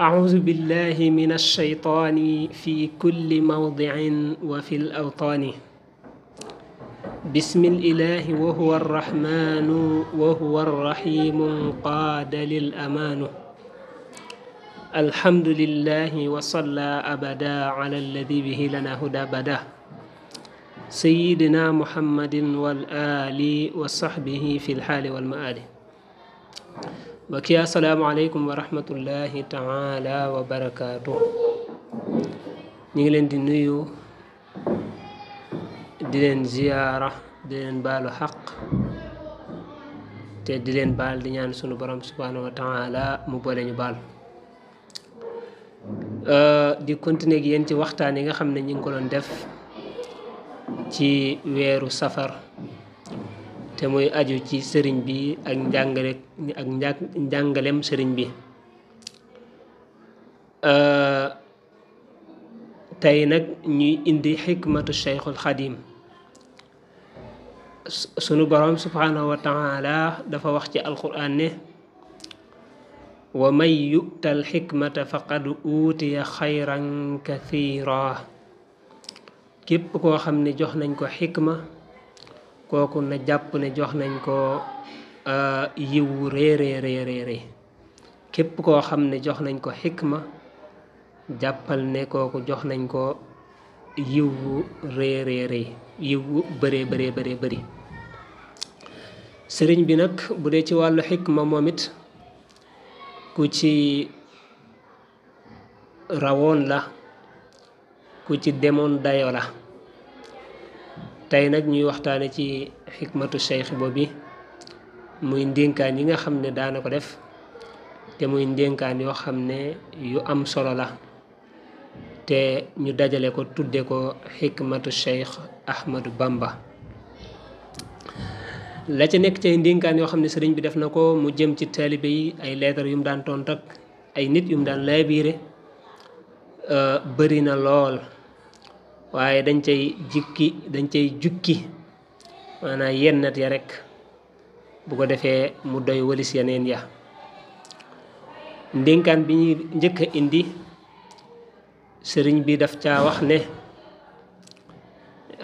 أعوذ بالله من الشيطان في كل موضع وفي الأوطان بسم الإله وهو الرحمن وهو الرحيم قاد للأمان الحمد لله وصلى أبدا على الذي به لنا هدى بداه سيدنا محمد والآل وصحبه في الحال والمآل بكي السلام عليكم ورحمة الله تعالى وبركاته نيلن دي نيو دين زيارة دين بال حق تي دين بال دي نيان سونو بروم سبحانه وتعالى مو بول ني بال ا دي كونتينيك يين تي وقتان ييغا خامني نينغ كولون ديف ci weeru safar te mooy aju ci sëriñ bi ak njàngale ak njàngalem sëriñ bi tey nag ñuy indi xikmatu Cheikhul Xadim sunu borom subhaanahu wa taala dafa wax ci alquran ne wa man yu'tal xikmata faqad uutiya xayran kathira képp koo xam ne jox nañ ko xikma kooku na jàpp ne jox nañ ko yiw wu réeréeréeréeré képp koo xam ne jox nañ ko xikma jàppal ne kooku jox nañ ko yiw wu réeréeré yiw wu bëree bëree bëree bëri sëriñ bi nag bu dee ci wàllu xikma moom it ku ci rawoon la ku ci demoon dayo la tey nag ñuy waxtaane ci xikmatu cheikh boobu muy ndénkaan yi nga xam ne daana ko def te muy ndénkaan yoo xam ne yu am solo la te ñu dajale ko tudde ko xikmatu cheikh ahmadu bamba la ca nekk ci ay ndénkaan yoo xam ne sëriñ bi def na ko mu jëm ci taalibe yi ay leetar yu mu daan tontak ay nit yu mu daan laabiire euh, bëri na lool waaye dañ cay jikki dañ cay jukki maanaam yennat ya rek bu ko defee mu doy walis yeneen ya ndénkaan bi ñuy njëkk a indi sëriñ bi daf caa wax ne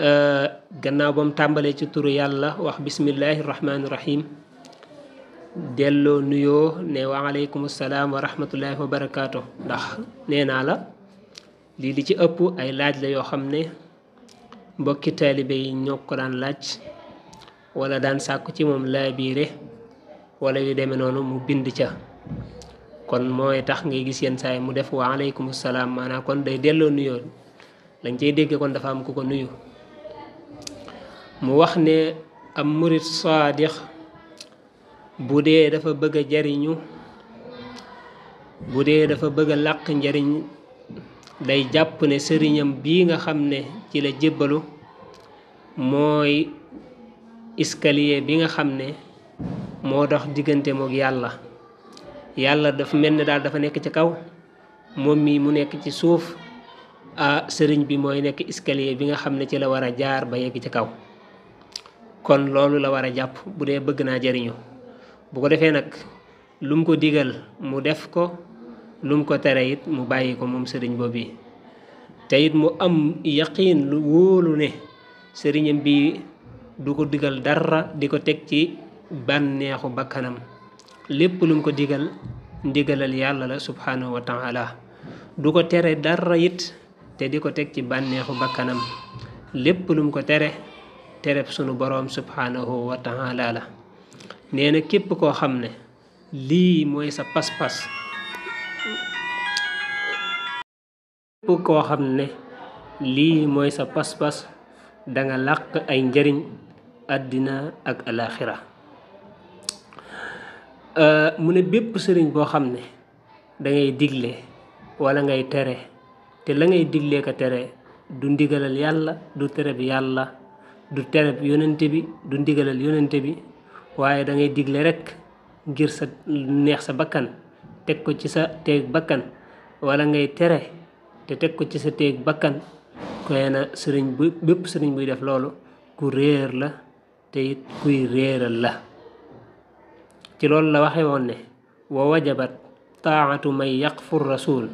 euh, gannaaw ba mu tàmbalee ci turu yàlla wax bismillahi rahmaani rahim delloo nuyoo ne waaleykum salaam wa rahmatullahi wa barakaatu ndax nee naa la lii li ci ëpp ay laaj la yoo xam ne mbokki taalibe yi ñoo ko daan laaj walla daan sàkku ci moom laabiire walla yu deme noonu mu bind ca kon mooy tax ngay gis yenn saa mu def wa aleykum salaam maanaam kon day delloo nuyoo dañ cay dégg kon dafa am ku ko nuyu mu wax ne am murit saadix bu dee dafa bëgg a jariñu bu dee dafa bëgg a làq njariñ day jàpp ne sëriñam bii nga xam ne ci la jébbalu mooy escalier bi nga xam ne moo dox diggante moog yàlla yàlla dafa mel ne daal dafa nekk ci kaw moom mii mu nekk ci suuf ah sëriñ bi mooy nekk escalier bi nga xam ne ci la war a jaar ba yegg ci kaw kon loolu la war a jàpp bu dee bëgg naa jariñu bu ko defee nag lu mu ko digal mu def ko lu ko tere it mu bàyyi ko moom sëriñ boobu te it mu am yaqiin lu wóolu ne sëriñam bi du ko digal dara di ko teg ci bànneexu bakkanam lépp lu ko digal ndigalal yàlla la subhanahu wa du ko tere dara it te di ko teg ci bànneexu bakkanam lépp lu ko tere tereb sunu borom subhanahu wa taala la nee képp koo xam ne lii mooy sa pas-pas képp ko xamne li moy sa pass pas-pas nga làq ay njariñ adina ak alaxira euh, mu ne bepp serign bo xamne da ngay digle wala ngay tere té la ngay diglé ka tere du ndigalal yalla du bi yalla du bi yonenté bi du ndigalal yonenté bi da ngay digle rek ngir sa neex sa bakkan tek ko ci sa tek bakkan wala ngay tere te teg ko ci sa téeg bakkan xëy na sëriñ bu bépp sëriñ buy def loolu ku réer la te it kuy réeral la ci loolu la waxe woon ne wa wajabat taatu man yaqfur rasul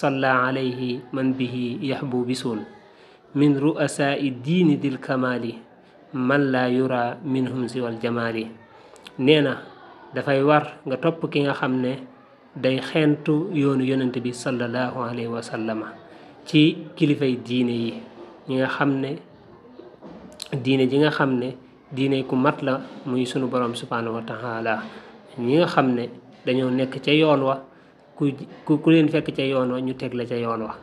salla alayhi man bihi yaxbu bisul min ru'asaai diini dil kamaali man laa yura minhum siwal yi nee na dafay war nga topp ki nga xam ne day xeentu yoonu yonent bi sallallahu alayhi wa ci kilifay diine yi ñi nga xam ne diine ji nga xam ne diine ku mat la muy sunu borom subhanahu wa taala ñi nga xam ne dañoo nekk ca yoon wa ku ku leen fekk ca yoon wa ñu teg la ca yoon wa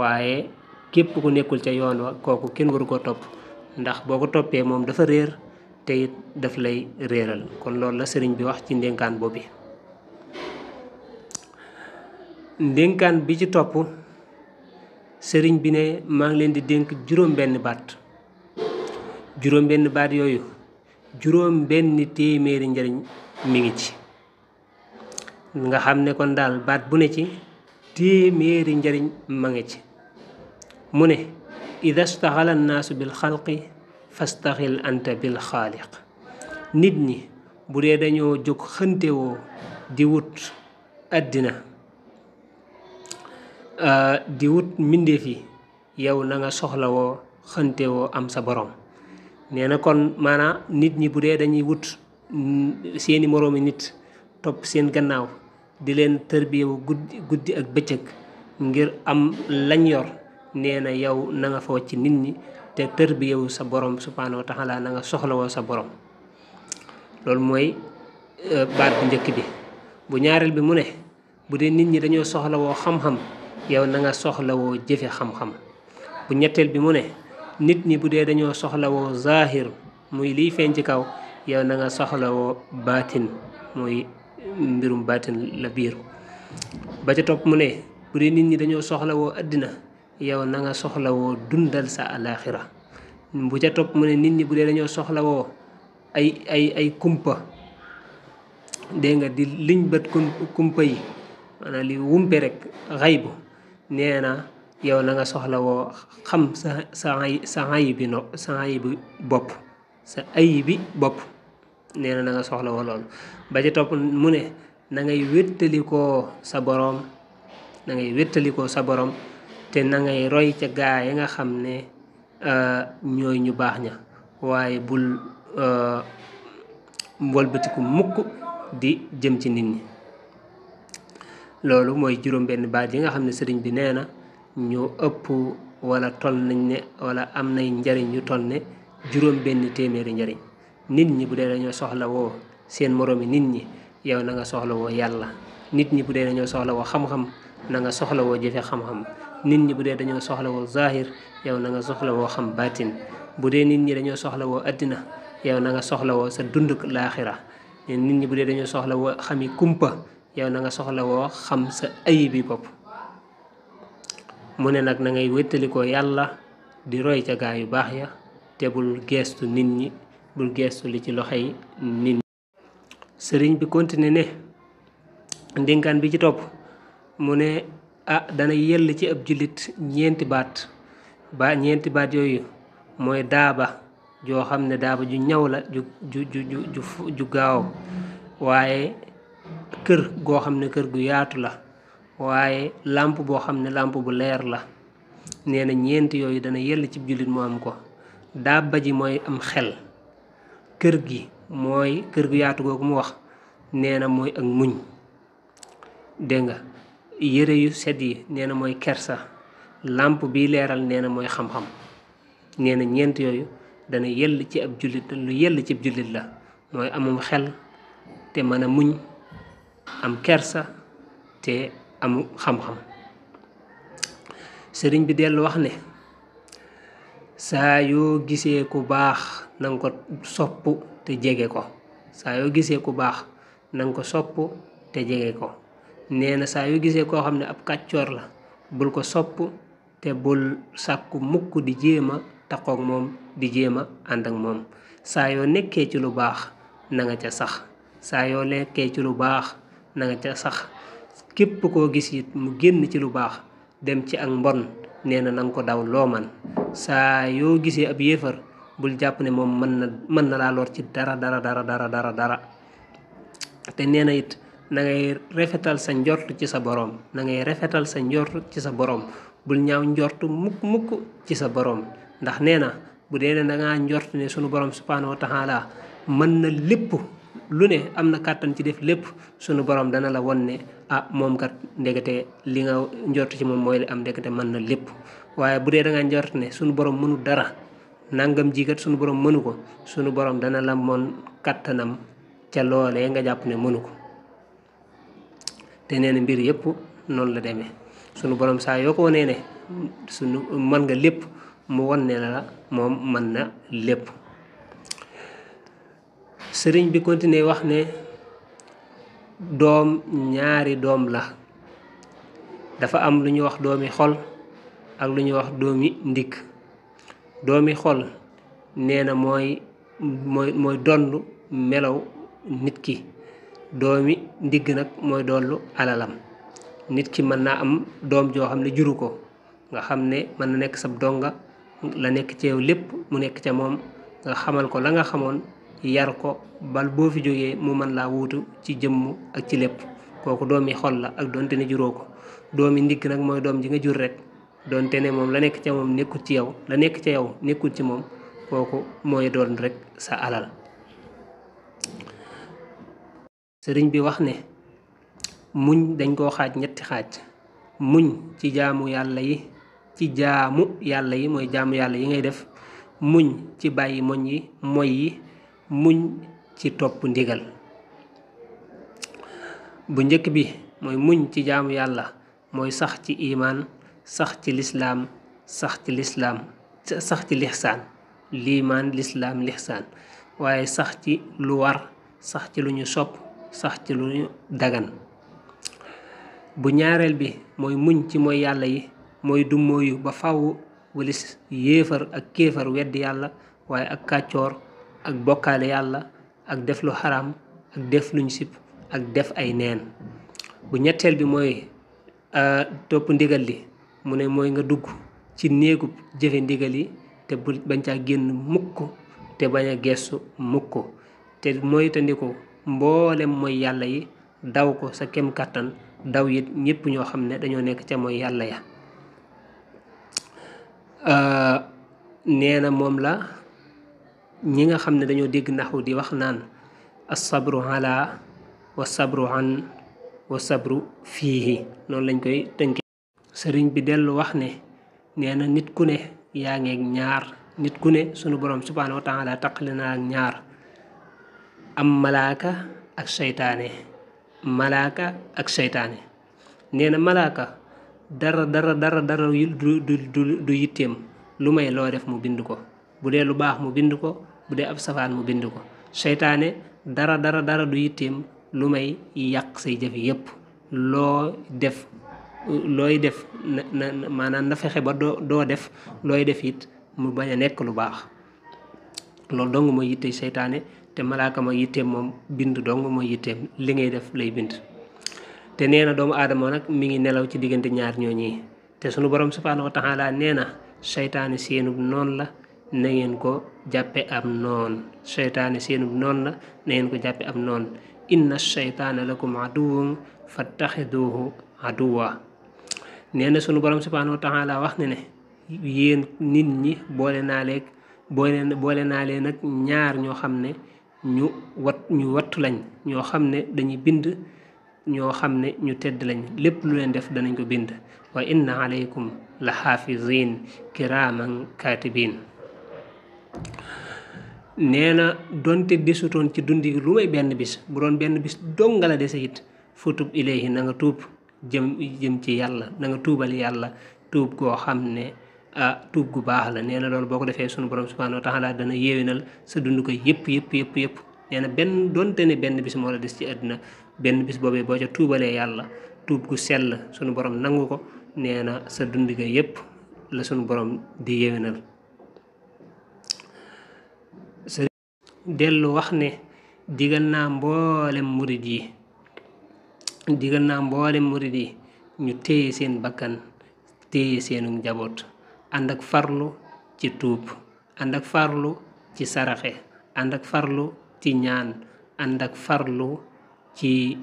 waaye képp ku nekkul ca yoon wa kooku kenn waru ko topp ndax boo ko toppee moom dafa réer te daf lay réeral kon loolu la sëriñ bi wax ci ndénkaan boobu ndénkaan bi ci topp sëriñ bi ne maa ngi leen di dénk juróom benn baat juróom benn baat yooyu juróom benn téeméeri njariñ mi ngi ci nga xam ne ko daal baat bu ne ci téeméeri njariñ ma ngi ci mu ne ida staxala annaasu bil xalqi fastaxil anta bil xaaliq nit ñi bu dee dañoo jóg xëntewoo di wut àddina Euh, di wut mbindeef yi yow nanga soxlawoo xante am sa borom nee na kon maanaam nit ñi bu dee dañuy wut mm, seeni moroomi nit topp seen gannaaw di leen tërbiyewu guddi guddi ak bëccëg ngir am lañ yor nee na yow na nga fa nit ñi te tërbiyewu sa borom subhaanahu wa taala na nga soxlawoo sa borom loolu mooy euh, baat bu njëkk bi bu ñaareel bi mu ne bu dee nit ñi dañoo soxlawoo xam-xam yow nanga nga soxlawoo jëfe xam-xam bu ñetteel bi mu ne nit ñi bu dee dañoo soxlawoo zahir muy liy feeñ ci kaw yow nanga nga soxlawoo baatin muy mbirum baatin la biir ba ca topp mu ne bu nit ñi dañoo soxlawoo àddina yow na nga soxlawoo dundal sa alaaxira bu ca topp mu ne nit ñi bu dee dañoo soxlawoo ay ay ay kumpa dénga di liñ bët kumpa yi maanaam li wumpe rek xaybu nee na yow na nga xam sa sa sa ayi bi bopp sa ayi bopp nee nanga na nga soxla woo ba ci topp mu ne nangay ngay sa boroom na ngay sa boroom te na ngay roy ca gaa yi nga xam ne euh, ñooy ñu baax ña waaye bul euh, wëlbatiku mukk di jëm ci nit ñi loolu mooy juróom-benn baat yi nga xam ne sëriñ bi nee na ñu ëpp wala toll nañ ne wala am nay njariñ ñu toll ne juróom-benn téeméeri njariñ nit ñi bu dee dañoo soxla woo seen moroomi nit ñi yow na nga soxla woo yàlla nit ñi bu dee dañoo soxla woo xam na nga soxla woo jëfe xam-xam ñi bu dee dañoo soxla woo zahir yow na nga soxla woo xam baatin bu dee nit ñi dañoo soxlawoo woo addina yow na nga soxla woo sa dunduk laaxira nit ñi bu dee dañoo soxla woo xami kumpa yow na nga soxla woo xam sa ayibi bopp mu ne nag na ngay wéttalikoo yàlla di roy ca gaa yu baax ya te bul geestu nit ñi bul geestu li ci loxoy nit ñi sëriñ bi continue ne ndénkaan bi ci topp mu ne ah dana yell ci ab jullit ñeenti baat ba ñeenti baat yooyu mooy daaba joo xam ne daaba ju ñaw la ju ju ju ju gaaw waaye kër goo xam ne kër gu yaatu la waaye làmp boo xam ne làmp bu leer la nee na ñeent yooyu dana yell ci jullit mu am ko daaba ji mooy am xel kër gi mooy kër gu yaatu googu mu wax nee na mooy ak muñ dégg nga yére yu set yi nee na mooy kersa làmp bi leeral nee na mooy xam-xam nee ñeent yooyu dana yell ci ab jullit lu yell ci ab jullit la mooy amum xel te mën a muñ am kersa te amu xam-xam sëriñ bi dellu wax ne saa yoo gisee ku baax nanga ko sopp te jege ko saa yoo gisee ku baax nanga ko sopp te jege ko nee na saa yoo gisee koo xam ne ab kàccoor la bul ko sopp te bul sàkku mukk di jéema taqoog moom di jéema ànd ak moom saa yoo nekkee ci lu baax na nga ca sax saa yoo nekkee ci lu baax nanga ca sax képp koo gis it mu génn ci lu baax dem ci ak mbon nee na na ko daw loo man saa yoo gisee ab yéefar bul jàpp ne moom mën na mën na laa lor ci dara dara dara dara dara dara te neena na it na ngay sa njort ci sa boroom na ngay rafetal sa njort ci sa boroom bul ñaaw njort mukk mukk ci sa boroom ndax nee na bu dee ne da njort ne sunu boroom subhaanahu wa taala mën na lépp lu ne am na kàttan ci def lépp sunu borom dana la wonne, ne ah moom kat ndegete li nga njort ci moom mooy li am ndegete man na lépp waaye bu dee da nga njort ne sunu borom mënu dara nangam ji kat sunu borom mënu ko sunu borom dana la mon kàttanam ca loolee nga jàpp ne mënu ko te nee mbir yépp noonu la demee sunu borom saa yoo ko wonee ne sunu man nga lépp mu won ne la moom man na lépp sëriñ bi continuer wax ne doom ñaari doom la dafa am lu ñu wax doomi xol ak lu ñuy wax doomi ndigg doomi xol nee na mooy mooy mooy dondu melaw nit ki doomi ndigg nag mooy dollu alalam nit ki mën naa am doom joo xam ne juru ko nga xam ne mën na nekk sab donga la nekk ci lépp mu nekk ca moom nga xamal ko la nga xamoon yar ko bal boo fi jógee mu mën laa wuutu ci jëmm ak ci lépp kooku doomi xol la ak doon tene juróo ko doomi ndigg nag mooy doom ji nga jur rek doon tene moom la nekk ca moom nekkul ci yow la nekk ca yow nekkul ci moom kooku mooy doon rek sa alal sëriñ bi wax ne muñ dañ koo xaaj ñetti xaaj muñ ci jaamu yàlla yi ci jaamu yàlla yi mooy jaamu yàlla yi ngay def muñ ci bàyyi moñ yi moy yi muñ ci top ndigal bu ñëk bi moy muñ ci jaamu yalla moy sax ci sahti sax ci l'islam sax ci l'islam sax ci l'ihsan sahti luar, sahti waye sax ci lu war sax ci luñu sop sax ci luñu dagan bu ñaarel bi moy muñ ci moy yalla yi dum moyu ba faawu walis yéfer ak kéfer wedd yalla waye ak kàccoor ak bokkaale yàlla ak def lu xaraam ak def luñ sib ak def ay neen bu ñetteel bi mooy euh, topp ndigal li mu ne mooy nga dugg ci néegu jëfe ndigal yi te bu bañ caa génn mukk te bañ a gestu mukk te moytandiku mboolem mooy yàlla yi daw ko sa kem kàttan daw it ñëpp ñoo xam ne dañoo nekk ca mooy yàlla ya euh, nee moom la ñi nga xam ne dañoo dégg naxu di wax naan asabru ala wa sabru an wa sabru fiihi noonu lañ koy tënke sëriñ bi dellu wax ne nee nit ku ne yaa ngeeg ñaar nit ku ne sunu borom subhaanahu wa taala taqali naa ak ñaar am malaaka ak seytaane malaaka ak seytaane nee na malaaka dara dara du yitteem lu may loo def mu bind ko bu dee lu baax mu bind ko bu dee ab safaan mu bind ko seytaane dara dara dara du yitteem lu may yàq say jëf yépp loo def looy def na na maanaam fexe ba doo doo def looy def it mu bañ a nekk lu baax loolu dong mooy yitte seytaane te malaaka moom bind dong mooy yitteem li ngay def lay bind te nee na doomu aadama nag mi ngi nelaw ci diggante ñaar ñoo ñii te sunu borom subhaanahu wa taala nee seytaane seenu noonu la nangeen ko jàppe am noon seytaane seenub noon la na ko jàppe am noon seytaane inna seytaana lakum aduwum fattaxiduhu aduwa nee na sunu borom subhaanahu wa la wax ne ne yéen nit ñi boole naa leeg boole boole naa leen nag ñaar ñoo xam ne ñu wat ñu wattu lañ ñoo xam ne dañuy bind ñoo xam ne ñu tedd lañ lépp lu leen def danañ ko bind wa inna aleykum la xaafizin kiraaman kaatibin nee na donte desutoon ci dund yi lu may benn bis bu doon benn bis dongala nga dese it fa tub ilayhi na nga tuub jëm jëm ci yàlla na nga tuubal yàlla tuub goo xam ne ah tuub gu baax la nee na loolu boo ko defee sunu borom subhanahu wa taala dana yéwénal sa dund ko yëpp yëpp yëpp yëpp nee na benn donte ne benn bis moo la des ci àddina benn bis boobee boo ca tuubalee yàlla tuub gu sell sunu borom nangu ko nee na sa dund ga yëpp la sunu borom di yéwénal dello wax ne digal na mbolem murid yi digal na mbolem murid yi ñu téye seen bakkan andak seenum njaboot andak ak farlu ci farlo ànd ak farlu ci saraxé ànd ak farlu ci ñaan ànd ak farlu ci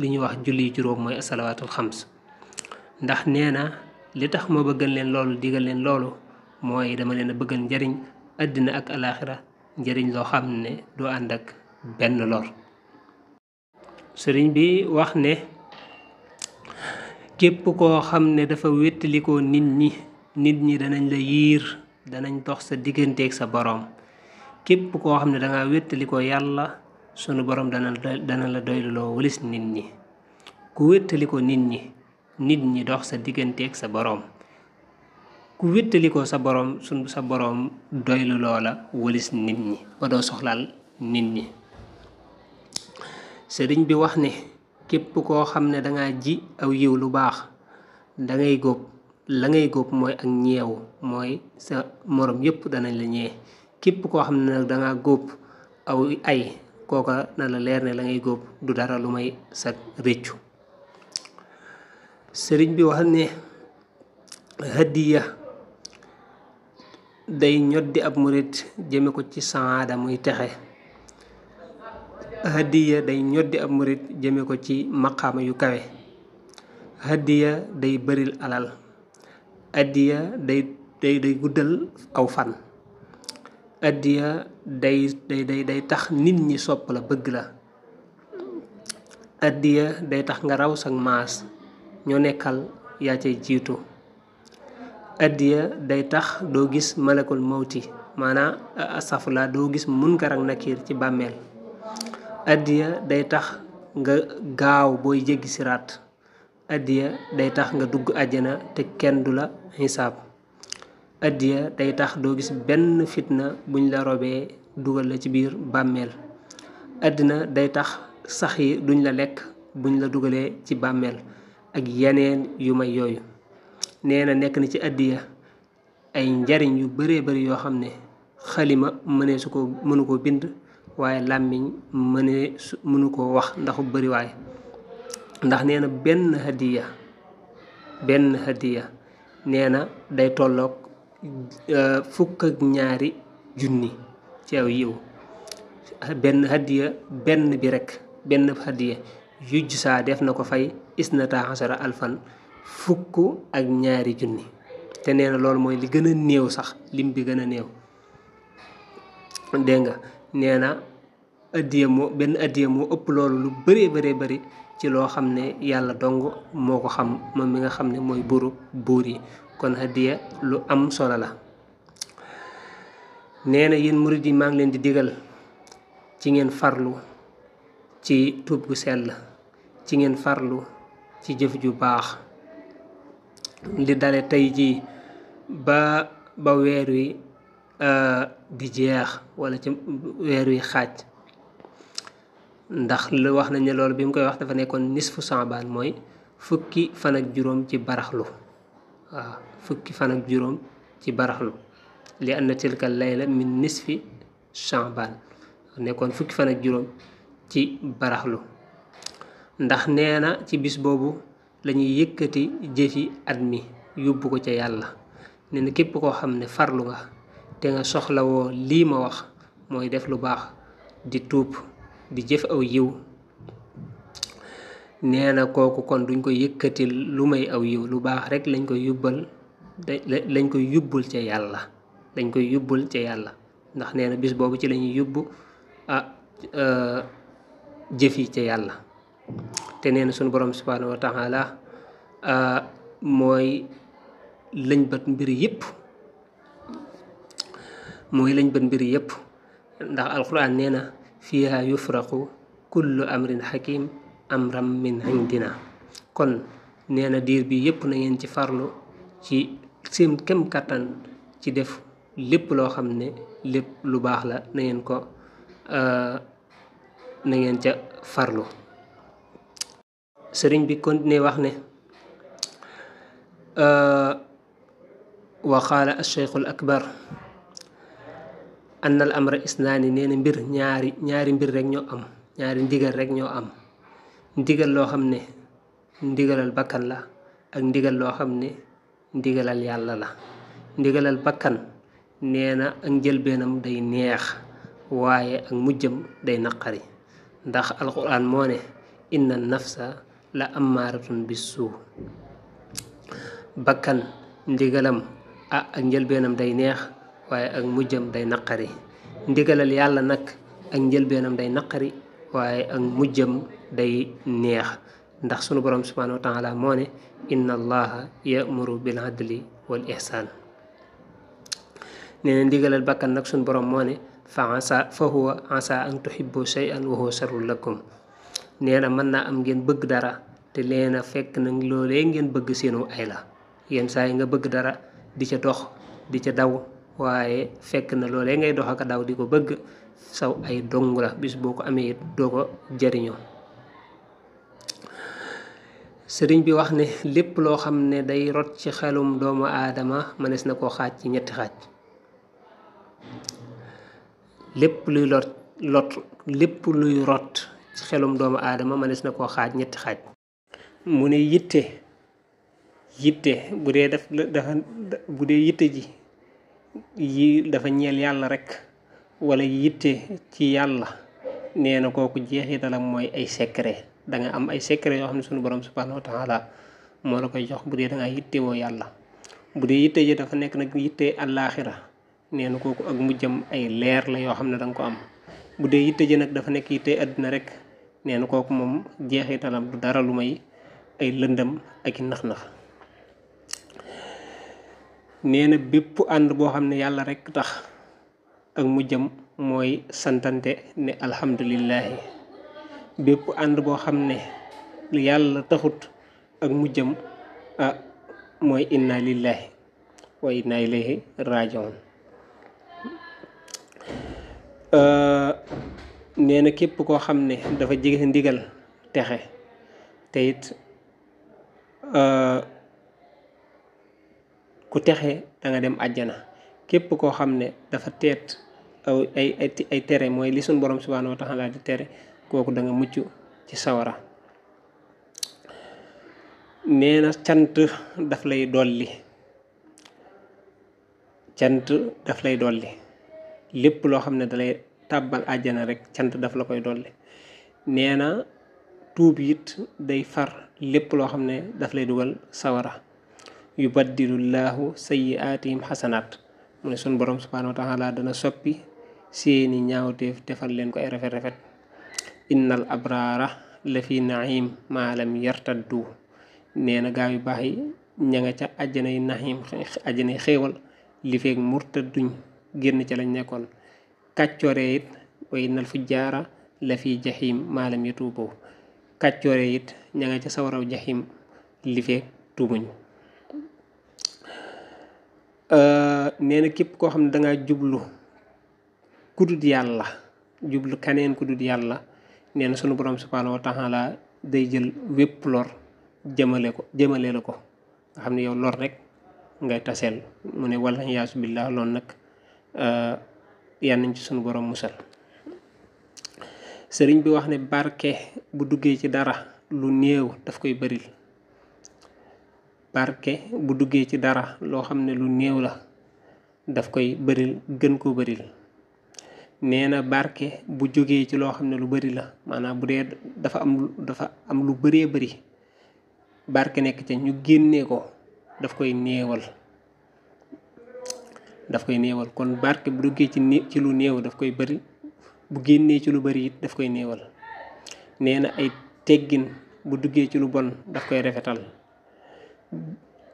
li ñuy wax julli juroom mooy asalawaatul xams ndax nee li tax bëggal leen loolu digal leen loolu mooy dama leen bëggal ak alaaxira njëriñ loo xam ne du ànd ak benn lor sëriñ bi wax ne képp koo xam ne dafa wéttalikoo nit ñi nit ñi danañ la yiir danañ dox sa digganteeg sa boroom képp koo xam ne danga wéttalikoo yàlla sunu borom dana dana la doyluloo walis nit ñi ku wéttalikoo nit ñi nit ñi dox sa digganteeg sa borom ku wéttalikoo sa boroom sun sa boroom doylu loola walis nit ñi ba doo soxlaal nit ñi sëriñ bi wax ne képp koo xam ne danga ji aw yiw lu baax dangay góob la ngay góob mooy ak ñeewu mooy sa moroom yépp danañ la ñee képp koo xam ne danga góob aw ay kooka na la leer ne la ngay góob du dara lu may sa réccu sëriñ bi wax ne hadiya day ñoddi ab murit jëme ko ci saada muy texe hadiya day ñoddi ab murit jëme ko ci maqaama yu kawe hadiya day bëril alal hadiya day day day guddal aw fan hadiya day day day day tax nit ñi sopp la bëgg la addiya day tax nga raw sag maas ñoo nekkal yaa cay jiitu addiya day tax doo gis malakul mawti maanaam astafurlah doo gis munkar ak nakiir ci bàmmeel addiya day tax nga gaaw booy jéggi siraat addiya day tax nga dugg àjjana te kenn du la xisaab addiya day tax doo gis benn fitna buñ la robee dugal la ci biir bàmmeel addina day tax sax yi duñ la lekk buñ la dugalee ci bàmmeel ak yeneen yu may yooyu neena nekk na ci addiya ay njariñ yu bare bëri yoo xam ne xalima mënee su ko mënu koo bind waaye làmmiñ mënee su mënu koo wax ndaxu bëri waay ndax neena benn hadiya benn hadiya nee na day tolloog euh, fukk ak ñaari junni ci aw yiw benn hadiya benn bi rek benn hadiya yujj saa def na ko fay isnata asara alfan fukk ak ñaari junni te nee na loolu mooy li gën a néew sax lim bi gën a néew dégg nga nee na addiya moo benn moo ëpp loolu lu bëree bëree bëri ci loo xam ne yàlla dong moo xam moom mi nga xam ne mooy buru buur yi kon addiya lu am solo la nee na yéen murid yi maa ngi leen di digal ci ngeen farlu ci tuub gu sell ci ngeen farlu ci jëf ju baax li dale tey jii ba ba weer wi euh, di jeex wala ci weer wi xaaj ndax lu wax nañ ne loolu bi mu koy wax dafa nekkoon nisfu saaban mooy fukki fan ak juróom ci baraxlu waaw fukki fan juróom ci baraxlu li anna tilka layla min nisfi saaban nekkoon fukki fan ak juróom ci baraxlu ndax nee ci bis boobu lañuy yëkkati jëfi at mi yóbbu ko ca yàlla nee na képp koo xam ne farlu nga te nga soxlawoo lii ma wax mooy def lu baax di tuub di jëf aw yiw nee na kooku kon duñ ko yëkkati lu may aw yiw lu baax rek lañ koy yubbal lañ koy yubbul ca yàlla dañ koy yubbul ca yàlla ndax nee na bis boobu ci lañuy yubbu ah euh, jëf yi ca yàlla te nee na suñu borom subhanahu wa taala mooy lëñbët mbir yëpp mooy lëñbët mbir yépp ndax alquran nee na fiha yufraqu kullu amrin hakim amram min indina kon nee na diir bi yëpp nangeen ci farlu ci seen kem kàttan ci def lépp loo xam ne lépp lu baax la nangeen ko na ngeen ca farlu sëriñ bi continuer wax ne euh, wa qaala alcheikh al akbar anna al amra isnaani nee mbir ñaari mbir rek ñoo am ñaari ndigal rek ñoo am ndigal loo xam ne ndigalal bakkan la ak ndigal loo xam ne ndigalal yàlla la ndigalal bakkan neena ak njëlbeenam day neex waaye ak mujjam day naqari ndax alquran moo ne inna nafsa la ammaaratun bis suu bakkan ndigalam ah ak njëlbeenam day neex waaye ak mujjam day naqari ndigalal yàlla nag ak njëlbeenam day naqari waaye ak mujjam day neex ndax sunu borom subhanahu wa taala moo ne inna allaha yamuru bil adli nee na ndigalal bakkan nag sunu borom moo fa huwa asa an tuhibbu shay'an wa huwa sharrun lakum man na am ngeen bëgg dara te lee na fekk nag loolee ngeen bëgg seenu ay la yenn saa nga bëgg dara di ca dox di ca daw waaye fekk na loolee ngay dox ak daw di ko bëgg saw ay dong la bis boo ko amee it doo ko sëriñ bi wax ne lépp loo xam ne day rot ci xelum doomu aadama manes na ko xaaj ci ñetti xaaj lépp luy lot lot lépp luy rot xelum doomu aadama mënees na ko xaj ñet xaj mu ne yitte yitte bu de daf bu de yitte ji yi dafa ñeel yalla rek wala yitte ci yalla neena na jeexi dalam moy ay secret da nga am ay secret yo xamni sunu borom subhanahu wa taala mo la koy jox bu de da nga yitte wo yalla bu de yitte ji dafa nek nak yitte al-akhirah na koku ak mujjam ay leer la yo xamni da nga ko am bu de yitte ji nak dafa nek yitte àdduna rek nee na kooku moom jeexitalam du dara lu may ay lëndam ak i nax-nax nee bépp ànd boo xam ne yàlla rekk tax ak mujjam mooy santante ne alhamdulillahi bépp ànd boo xam ne yàlla taxut ak mujjam ah mooy inna lillahi wa inna ilayhi rajiun euh, nee na képp koo xam ne dafa jege ndigal texe te it euh, ku texe danga dem àjjana képp koo xam ne dafa teet aw ay tere mooy li suñ borom subhaanahu wa taala di tere kooku danga mucc ci sawara neena cant daf lay dolli cant daf lay dolli lépp loo xam ne dalay tàbbal àjjana rek cant daf la koy dolle neena na tuub it day far lepp lo xamne daf lay duggal sawara yubaddilu llahu sayyi'aatihim hasanat mu sun borom subhanahu wa taala dana soppi seeni ñaawteef defal leen ko ay refet innal abraara la fi naim lam yartaddu neena na yu bax yi ña nga ca yi naim àjjanay xéewal li feeg murtaduñ genn ci lañ nekkon kàccoore it wa innal fujjaara la fi jahim malam yi tuuboo kàccoore it ña nga ca sawaraw jaxiim li fee tuubuñu nee na képp jublu kudu yàlla jublu kanen kudu yàlla nee sunu borom subhaanahu wa taala day jël wépp lor jëmale ko jëmale la ko yow lor rek ngay tassel mune wallahi wala yaasu billah loolu yal nañ ci sunu borom musal sëriñ bi wax ne barke bu duggee ci dara lu néew daf koy bëril barke bu duggee ci dara loo xam ne lu néew la daf koy bëril gën koo bëril nee na barke bu jógee ci loo xam ne lu bari la maanaam bu dee dafa am dafa am lu baree bari barke nekk ca ñu génnee ko daf koy néewal daf koy néewal kon barke bu duggee ci ni ci lu néew daf koy bari bu génnee ci lu bari it daf koy néewal nee na ay teggin bu duggee ci lu bon daf koy rafetal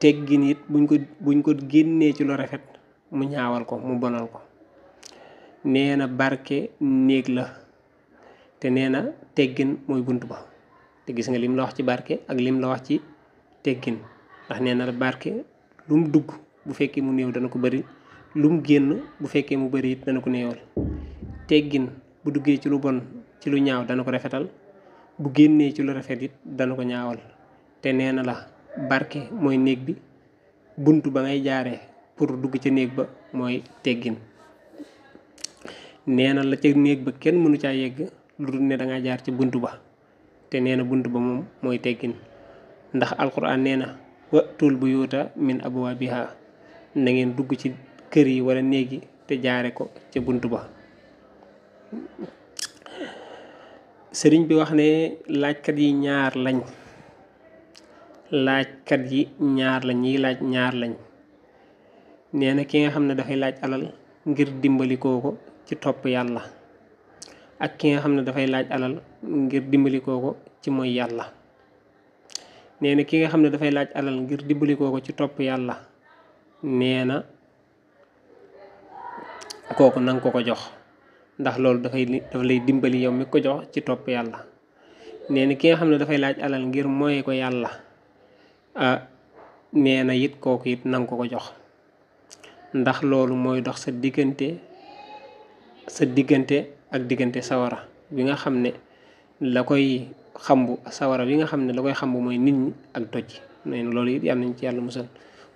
teggin it buñ ko buñ ko génnee ci lu rafet mu ñaawal ko mu bonal ko nee na barke néeg la te nee na teggin mooy bunt ba te gis nga lim la wax ci barke ak lim la wax ci teggin ndax nee na barke lu dugg bu fekkee mu néew dana ko bari lum genn bu fekke mu bëri it dana ko neewal teggin bu duggé ci lu bon ci lu ñaaw dana ko rafetal bu génnee ci lu rafet it dana ko ñaawal té néna la barke moy néeg bi buntu ba ngay jaaré pour dugg ci néeg ba moy teggin nee la ci néeg ba kenn mënu ca yegg lu dul ne da nga jaar ci buntu ba té néna buntu ba mom moy teggin ndax alquran néna wa tul bu min abwabiha na ngeen dugg ci kër yi wala néeg yi te jaare ko ca bunt ba sëriñ bi wax ne laajkat yi ñaar lañ laajkat yi ñaar lañ ñiy laaj ñaar lañ nee na ki nga xam ne dafay laaj alal ngir dimbali kooko ci topp ak ki nga xam ne dafay laaj alal ngir dimbali kooko ci mooy yàlla nee na ki nga xam ne dafay laaj alal ngir dimbali ko ci topp yàlla nee kooku nanga ko ko jox ndax loolu dafay dafa lay dimbali yow mi ko jox ci topp yàlla nee na ki nga xam ne dafay laaj alal ngir mooy ko yàlla ah nee na it kooku it nanga ko ko jox ndax loolu mooy dox sa diggante sa diggante ak diggante sawara bi nga xam ne la koy xambu sawara bi nga xam ne la koy xambu mooy nit ñi ak doj nee na loolu it yàlla nañ ci yàlla musal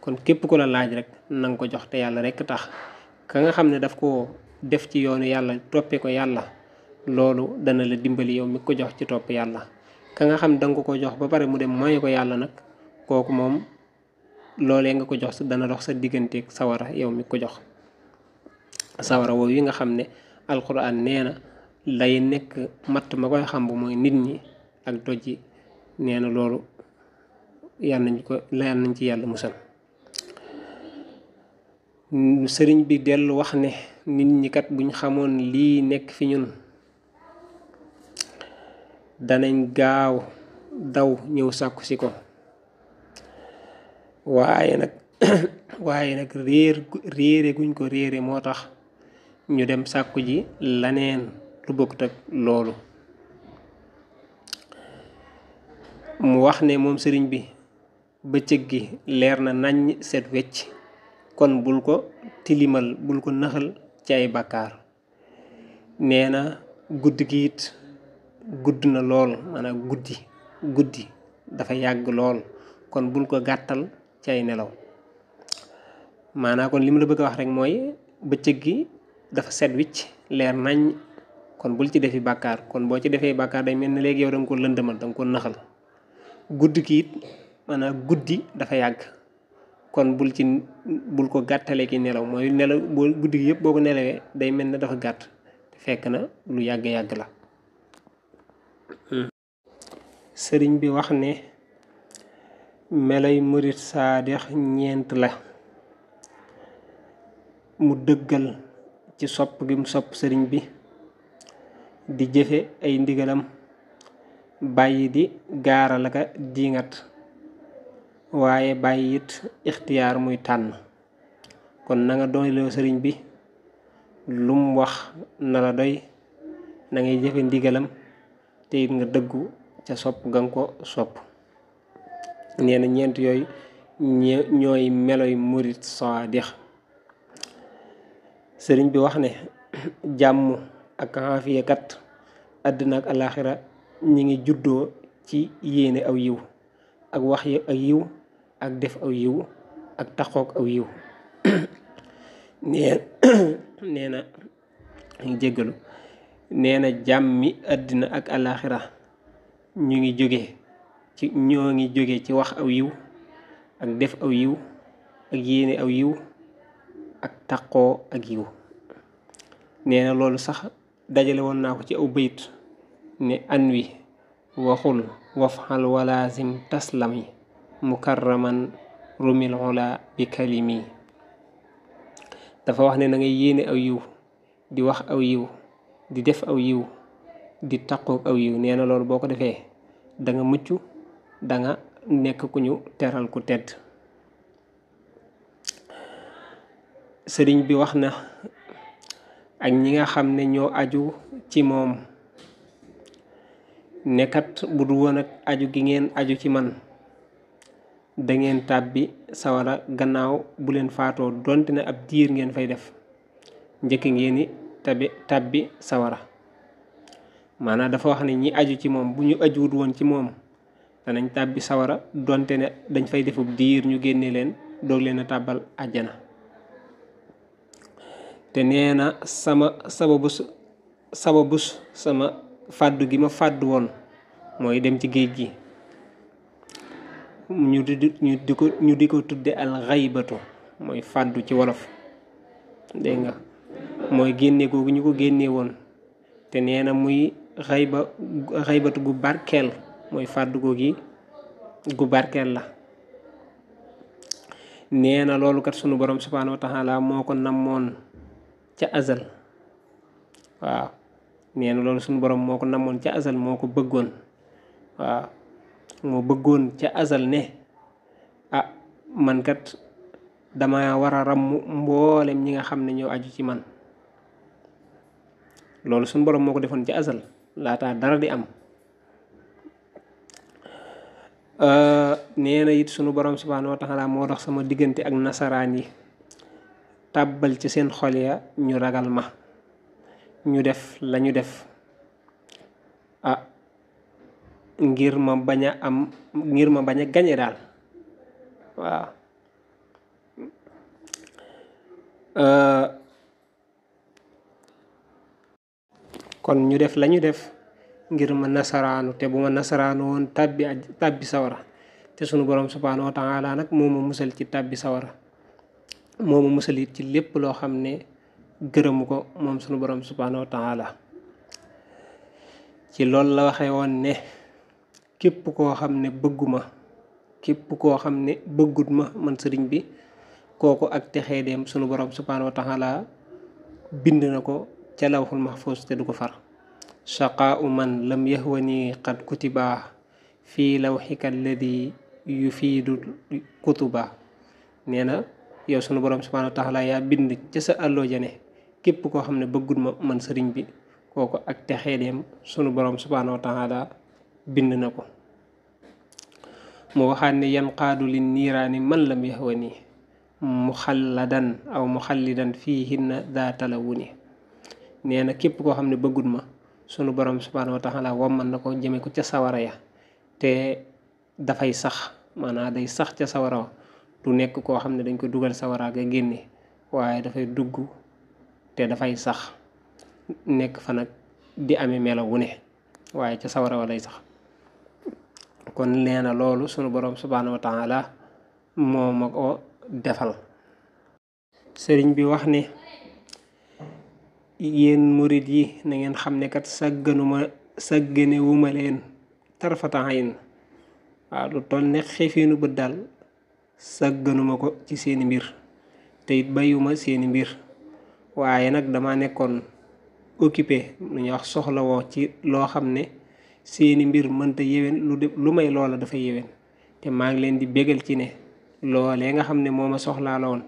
kon képp ku la laaj rek nanga ko jox te yàlla rek tax ka nga xamne daf ko def ci yoonu yalla topé ko yalla loolu dana la dimbali yow mi ko jox ci top yalla ka nga xam dang nga ko jox ba pare mu dem moy ko yalla nak koku mom lolé nga ko jox dana dox sa digënté sawara yow mi ko jox sawara wo yi nga xamne alquran neena na lay nek mat ma koy xam bu moy nit ñi ak doji neena lolu na nañ ko lay nañ ci yalla musal sëriñ bi dellu wax ne nit ñi kat buñ xamoon lii nekk fi ñun danañ gaaw daw ñëw sàkku si ko waaye nag waaye nag réer réere guñ ko réere moo tax ñu dem sàkku ji laneen lu bokkut ak loolu mu wax ne moom sëriñ bi bëccëg gi leer na naññ set wecc kon bul ko tilimal bul ko naxal ci ay bàkkaar nee na guddi gi it gudd na lool maanaam guddi guddi dafa yàgg lool kon bul ko gàttal ci ay nelaw maanaa kon li mu la bëgg a wax rek mooy bëccëg gi dafa set wicc leer nañ kon bul ci defi bàkkaar kon boo ci defee bàkkaar day mel na léegi yow da ko lëndëmal da nga ko naxal guddi gi it maanaam guddi dafa yàgg kon bul ci bul ko gàttalee ki nelaw mooy nelaw boo guddi gi yëpp boo ko nelawee day mel ne dafa gàtt fekk na lu yàgg-yàgg la hmm. sëriñ bi wax ne melay murit saadex ñeent la mu dëggal ci sopp gi mu sopp sëriñ bi di jëfe ay ndigalam bàyyi di gaaralaka diingat waaye bàyyi it ixtiyaar muy tànn kon nanga nga sëriñ bi lum wax na la doy na ngay jëfe ndigalam te it nga dëggu ca sopp ga nga ko sopp nee ñeent yooyu ñooy meloy murit saadix sëriñ bi wax ne jàmm ak xaafiyakat àddina ak alaxira ñi ngi juddoo ci yéene aw yiw ak wax ak yiw ak def aw yiw ak taxoog aw yiw nee nee na ñu jéggalu nee na jàmmi àddina ak alaxira ñu ngi jóge ci ñoo ngi jóge ci wax aw yiw ak def aw yiw ak yéene aw yiw ak taqoo ak yiw nee na loolu sax dajale woon naa ko ci aw bayit ne an wi waxul wafxal walazim taslam yi mukarraman rumil ula bi kalimi dafa wax ne na ngay yene aw yiw di wax aw yiw di def aw yiw di taqoog aw yiw neena lol boko defé da nga muccu da nga nek ku ñu teral ku tedd sëriñ bi wax na ak ñi nga xamne ño aju ci mom nekat budu won ak aju gi ngeen aju ci man da ngeen tàbbi sawara gannaaw bu leen faatoo donte ne ab diir ngeen fay def njëkk ngeen ni tabi tàbbi sawara maanaa dafa wax ne ñi aju ci moom bu ñu ajuwut woon ci moom danañ tàbbi sawara donte ne dañ fay defub diir ñu génne leen doog leen a tàbbal àjjana te nee na sama sababus sababus sama fàddu gi ma fàdd woon mooy dem ci géej gi ñu di ñu di ko ñu di ko al ghaibatu moy fàddu ci wolof de nga moy génne googu ñu ko génne woon te muy ghaiba ghaibatu gu barkel moy fàddu gogi gu barkel la néna lolu kat suñu borom subhanahu wa taala moko namon ci azal waaw néna lolu suñu borom moko namon ci azal moko bëggoon waaw mo bëggoon ca azal ne ah man kat dama war a ramm mboolem ñi nga xam ne ñoo aju ci man loolu sun borom moo ko defoon ci azal laata dara di am eh, nee na it sunu borom subhanahu wa taala moo dox sama diggante ak nasaraan yi tàbbal ci seen xol ya ñu ragal ma ñu def lañu def ah ngir ma baña am ngir ma baña gagner ya, dal wa euh kon ñu def lañu def ngir ma nasaranu te buma nasaranu won tabbi tabbi sawara te sunu borom subhanahu wa taala nak momu musal ci tabbi sawara momu musal ci lepp lo xamne ne ko mom sunu borom subhanahu wa taala ci lol la waxe won ne képp koo xam ne bëggu ma képp koo xam ne bëggut ma man sëriñ bi kooku ak texee dem sunu borom subhanahu wa taala bind na ko ca lawxul mahfuz te du ko far shaqaa'u man lam yahwani qad kutiba fi lawxika alladi yufidu kutuba nee na yow sunu borom subhanahu wa taala yaa bind ca sa àlloo jane képp koo xam ne bëggut ma man sëriñ bi kooku ak texee dem sunu borom subhanahu wa taala bind na ko mu waxaat ne yanqaadu li niiraani man lam yaxwa nii muxalladan aw muxallidan fii hinna daa talawu ne nee na képp koo xam ne bëggut ma sunu borom subhaanahu wa taala wamman na ko jëme ko ca sawara te dafay sax maanaam day sax ca sawara wa du nekk koo xam ne dañ ko dugal sawara ga génne waaye dafay dugg te dafay sax nekk fa nag di ame melo wu ne waaye ca sawara wa lay sax kon nee na loolu sunu borom subhanahu wa taala moo ak o defal sëriñ bi wax ni yéen murid yi na ngeen xam ne kat sàgganuma wuma leen tarfata ayn waaw lu toll ne xefinu bët dal sàgganuma ko ci seeni mbir te it bayuma seeni mbir waaye nag dama nekkoon occupé lu ñuy wax soxlawoo ci loo xam seeni mbir mënta yéwén lu de may loola dafa yéwén te maa ngi leen di bégal ci ne loolee nga xam ne moo ma soxlaa la woon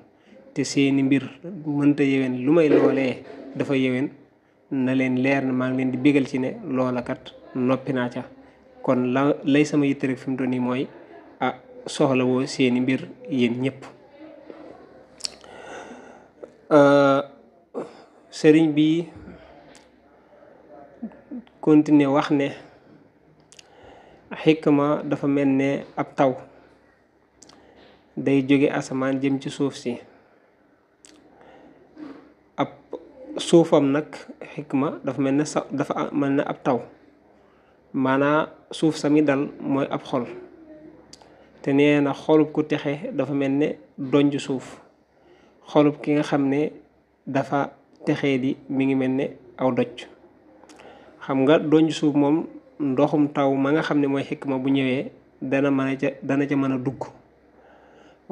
te seeni mbir mënta yéwén lu may loolee dafa yéwén na leen leer na maa ngi leen di bégal ci ne loola kat noppi naa ca kon la lay sama yitte rek fi mu toll nii mooy ah soxla woo seeni mbir yéen ñëpp sëriñ bi continuer wax ne xikma dafa mel ne ab taw day jóge asamaan jëm ci suuf si ab suufam nag xikma dafa mel ne sa dafa mel ne ab taw maanaa suuf sami dal mooy ab xol te nee na xolub ku texe dafa mel ne donj suuf xolub ki nga xam ne dafa texe di mi ngi mel ne aw doj xam nga donj suuf moom ndoxum taw ma nga xam ne mooy ma bu ñëwee dana mën a ca dana ca mën a dugg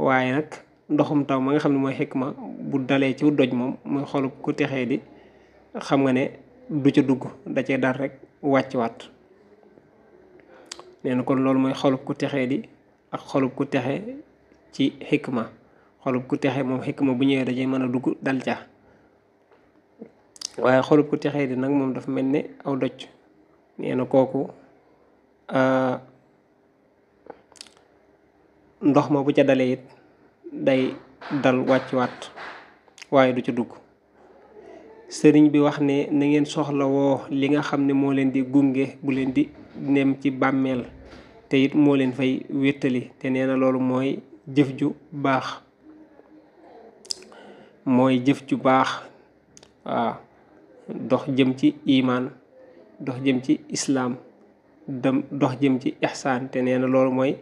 waaye nag ndoxum taw ma nga xam ne mooy ma bu dalee ci doj moom muy xolub ku texee xam nga ne du ca dugg da cee dar rek wàcc waat nee kon loolu mooy xolub ku texee di ak xolub ku texe ci ma xolub ku texe moom ma bu ñëwee da cee mën a dugg dal ca waaye xolub ku texee di nag moom dafa mel ne aw doj nee na kooku ah, ndox ma bu ca dalee it day dal wàcc waat waaye du ca dugg sëriñ bi wax ne nangeen ngeen soxla woo li nga xam ne moo leen di gunge bu leen di nem ci bàmmeel te it moo leen fay wettali te neena loolu mooy jëf ju baax mooy jëf ju baax waaw dox jëm ci imaan dox jëm ci islam dem dox jëm ci ihsan te néna na loolu mooy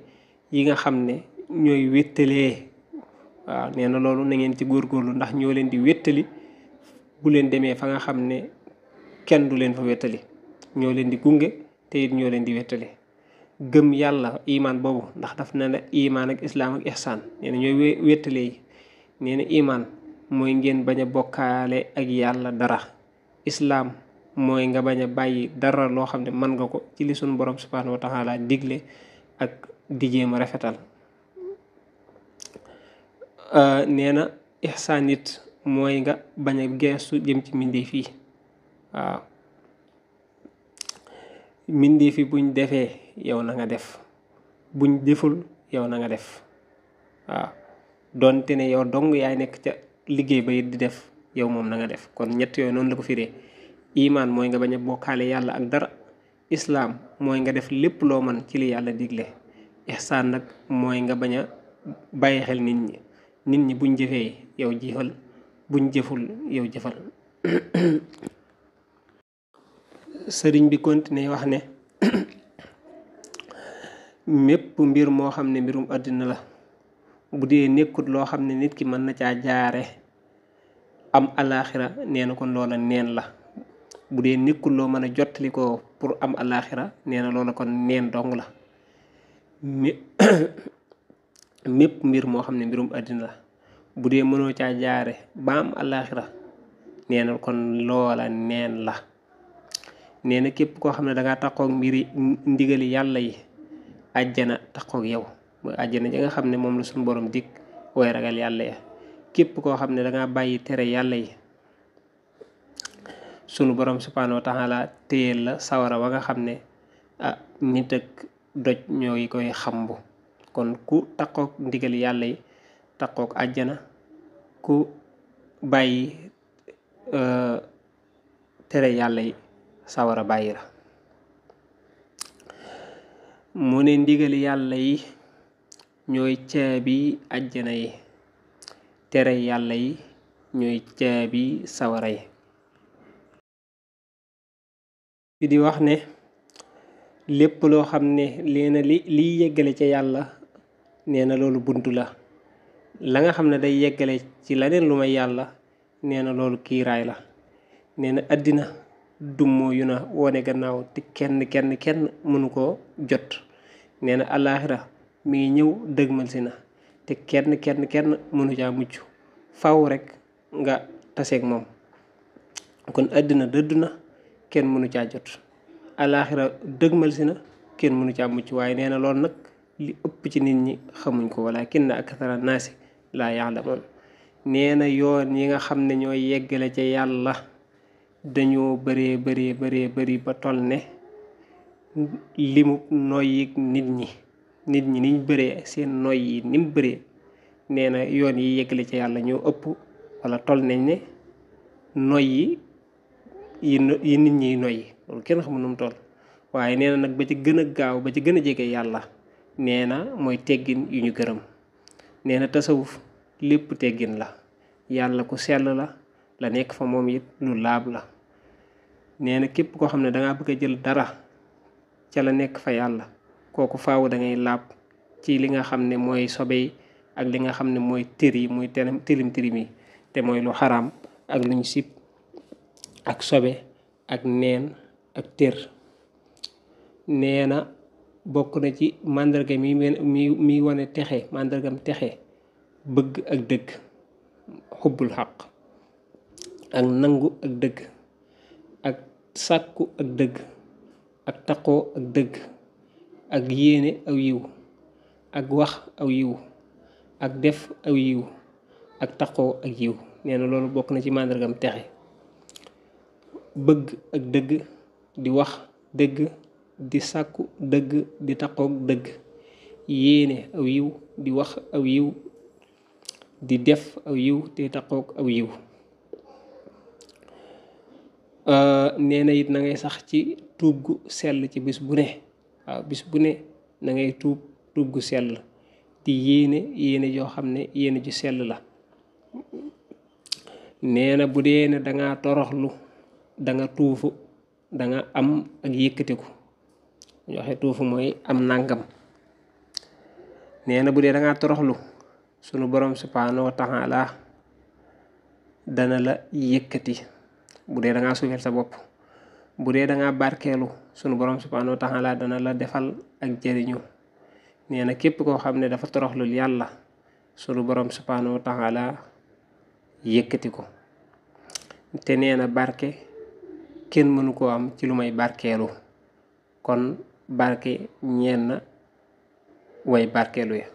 yi nga xamné ñoy ñooy wa néna nee na loolu na ngeen ci góorgóorlu ndax ñoo leen di wéttali bu leen démé fa nga xamné du leen fa ñoo leen di gungé te it ñoo leen di wéttali gëm yalla iman bobu ndax daf na la iman ak Islam ak ihsan. néna ñoy ñooy néna iman moy ngeen baña bokalé ak yalla dara islam mooy nga bañ a bàyyi dara loo xam ne mën nga ko ci li sunu borom subhanahu wa taala digle ak di jéem a rafetal euh, nee na ihsaan it mooy nga bañ a geestu jëm ci mbindeef yi waaw mbindeef fi buñ defee yow na nga def buñ deful yow na nga def waaw donte ne yow dong yaay nekk ca liggéey ba di def yow moom na nga def kon ñett yooyu noonu la ko firee iman mooy nga bañ a bokkaale yàlla ak dara islam mooy nga def lépp loo man ci li yàlla digle ihsan nag mooy nga bañ a bàyyi xel nit ñi nit ñi buñ jëfee yow jifal buñ jëful yow jëfal sëriñ bi continue wax ne mépp mbir moo xam ne mbirum àddina la bu dee nekkut loo xam ne nit ki mën na caa jaare am alaxira nee kon loola neen la bu dee nekkul loo mën a jottalikoo pour am alaaxira nee na loola kon neen dong la mépp mbir moo xam ne mbirum àddina la bu dee mënoo caa jaare ba am alaaxira nee na kon loola neen la nee na képp koo xam ne dangaa takkook mbiri ndigali yàlla yi ajjana takkook yow mooy ajjana ja nga xam ne moom la suñu boroom dikk way ragal yàlla ya képp koo xam ne danga bàyyi tere yàlla yi sunu borom subhanahu wa taala téyel la sawara wa nga xam ne ah nit ak doj ñooy koy xàmbu kon ku takkook ndigal yàlla yi takkook àjjana ku bàyyi euh, tere yàlla yi sawara bàyyi la mu ne ndigal yàlla yi ñooy caabi àjjana yi tere yàlla yi ñooy caabi sawara yi bi di wax ne lépp loo xam ne lee li liy yeggale ca yàlla nee na loolu bunt la la nga xam ne day yeggale ci leneen lu may yàlla nee na loolu kiiraay la nee na àddina dummoo yu na wone gannaaw te kenn kenn kenn mënu koo jot nee na alaaxira ngi ñëw dëgmal si na te kenn kenn kenn mënu caa mucc faw rekk nga taseek moom kon àddina dëddu na kenn mënu caa jot alaaxira dëgmal si na kenn mënu caa mucc waaye nee na loolu nag li ëpp ci nit ñi xamuñ ko wala kenn akthara naasi laa yaalamoon nee na yoon yi nga xam ne ñoo yeggale ca yàlla dañoo bëree bëree bëree ba toll ne limu noyyi nit ñi nit ñi niñ bëree seen noy yi ni mu bëree nee yoon yi yeggale ca yàlla ñoo ëpp wala toll nañ ne noy yi yi yi nit ñiy noyyi loolu kenn xamul nu mu toll waaye nee na nag ba ca gën a gaaw ba ca gën a jege yàlla nee na mooy teggin yu ñu gërëm nee na tasawuf lépp teggin la yàlla ku sell la la nekk fa moom it lu laab la nee na képp koo xam ne danga bëgg a jël dara ca la nekk fa yàlla kooku faaw dangay ngay laab ci li nga xam ne mooy sobey ak li nga xam ne mooy tër yi muy tilim tilim yi te mooy lu xaraam ak lu ñu sib ak sobe ak neen ak tër neena bokk na ci màndarga mi mi mi wane texe màndargam texe bëgg ak dëgg xubbul xaq ak nangu ak dëgg ak sàkku ak dëgg ak taqoo ak dëgg ak yéene aw yiw ak wax aw yiw ak def aw yiw ak taqoo ak yiw nee loolu bokk na ci màndargam texe bëgg ak dëgg di wax dëgg di sàkku dëgg di taqoog dëgg yéene aw yiw di wax aw yiw di def aw yiw te taqoog aw yiw euh, nee na it na ngay sax ci tuub sell ci bis bu ne waaw bis bu ne na ngay tuub tuub gu sell di yéene yéene joo xam ne yéene ju sell la nee bu dee ne dangaa toroxlu danga tuufu danga am ak ko ñu waxe tuufu moy am nangam neena na bu dee da toroxlu sunu borom subhanahu wa taala dana la yëkkati bu dee da ngaa sa bop bu dee da sunu borom subhanahu wa taala dana la defal ak jëriñu neena na képp koo xam dafa toroxlu yalla sunu borom subhanahu wa taala yëkkati ko te na barke kenn mënu koo am ci lu may barkeelu kon barke ñeen na way barkeelu ya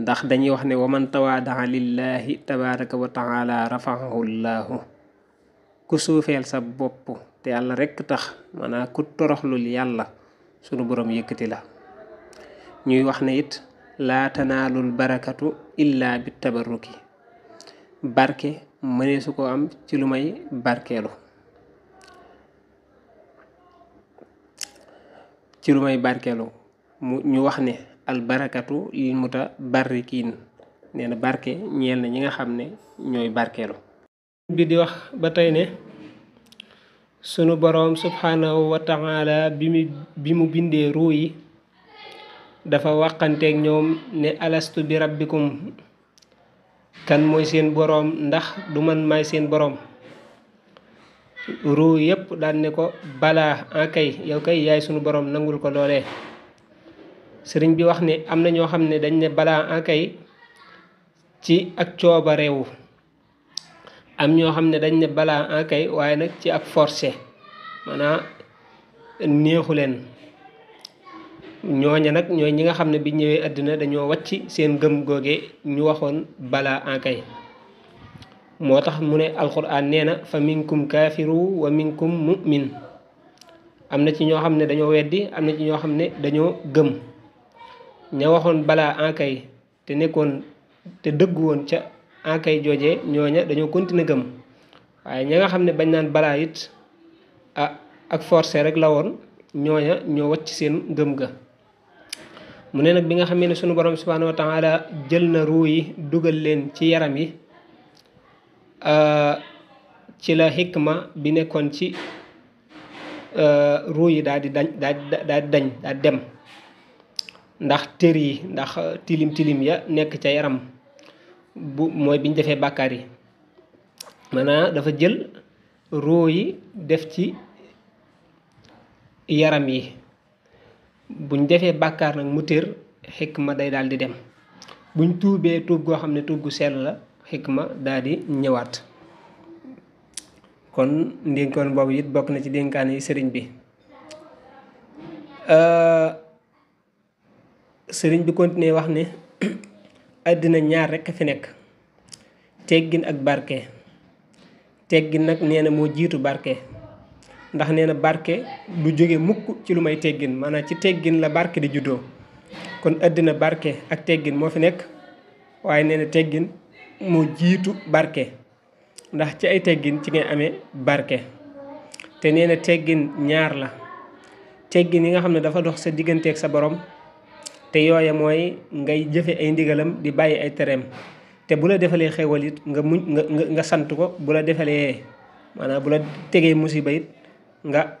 ndax dañuy wax ne waman tawaadaa lillaahi tabaraka wa taala rafaahu ku suufeel sa bopp te yàlla rekk tax maanaa ku toroxlul yàlla sunu borom yëkkati la ñuy wax ne it laa tanaalul barakatu illaa bi tabarruki barke mënee su ko am ci lu may barkeelu ci lu may barkeelu muta ñu wax ne barakatu lil muta nee na barke ñeel na ñi nga xamne ñoy ñooy barkeelu bi di wax ba tay ne sunu borom subhanahu wa taala bi mu binde ruyi dafa waxante ak ñoom ne alastu bi rabbikum kan mooy seen boroom ndax du man maay seen boroom ruu yépp daan ne ko bala en ah kay yow kay yaay sunu boroom nangul ko loole sëriñ bi wax ne am na ñoo xam ne dañ ne bala en ah kay ci ak coobarewu am ñoo xam ne dañ ne bala en ah kay waaye nag ci ak forcé maanaam neexu leen ñooña nag ñooy ñi nga xam ne bi ñëwee àddina dañoo wàcc seen gëm googe ñu waxoon balaa ankay moo tax mu ne alxuraan nee na fa minkum kaafiru wa minkum mu'min am na ci ñoo xam ne dañoo weddi am na ci ñoo xam ne dañoo gëm ña waxoon balaa ankay te nekkoon te dëggu woon ca ankay joojee ñooña dañoo continuer gëm waaye ña nga xam ne bañ naan balaa it ah ak forcé rek la woon ñooña ñoo wacc seen gëm ga mu ne nag bi nga xamee ne sunu borom subhanahu wa taala jël na ruu yi dugal leen ci yaram yi ah, ci la xikma bi nekkoon ci ah, ruu yi daal di dañ daal di dañ daal dem ndax tër yi ndax tilim tilim ya nekk ca yaram bu mooy biñ defee bàkkaar yi maanaam dafa jël ruu yi def ci yaram yi buñ defee bakkar nak mutir hikma day dal di dem buñ tuubé tuub go xamné tuub gu sel la hikma dal di ñëwaat kon kon bobu yit bok na ci dénkaan yi sëriñ bi sëriñ bi continue wax ne adina ñaar rek fi nek teggin ak barke teggin nak néna mo jitu barké barke ndax nee na barke du jóge mukk ci lu may teggin maanaam ci teggin la barke di juddoo kon àddina barke ak teggin moo fi nekk waaye nee na teggin moo jiitu barke ndax ci ay teggin ci ngay amee barke te nee na teggin ñaar la teggin yi nga xam ne dafa dox sa diggante ak sa borom te yooya mooy ngay jëfe ay ndigalam di bàyyi ay tereem te bu la defalee xewal it nga muñ nga nga sant ko bu la defalee maanaam bu la tegee musiba it nga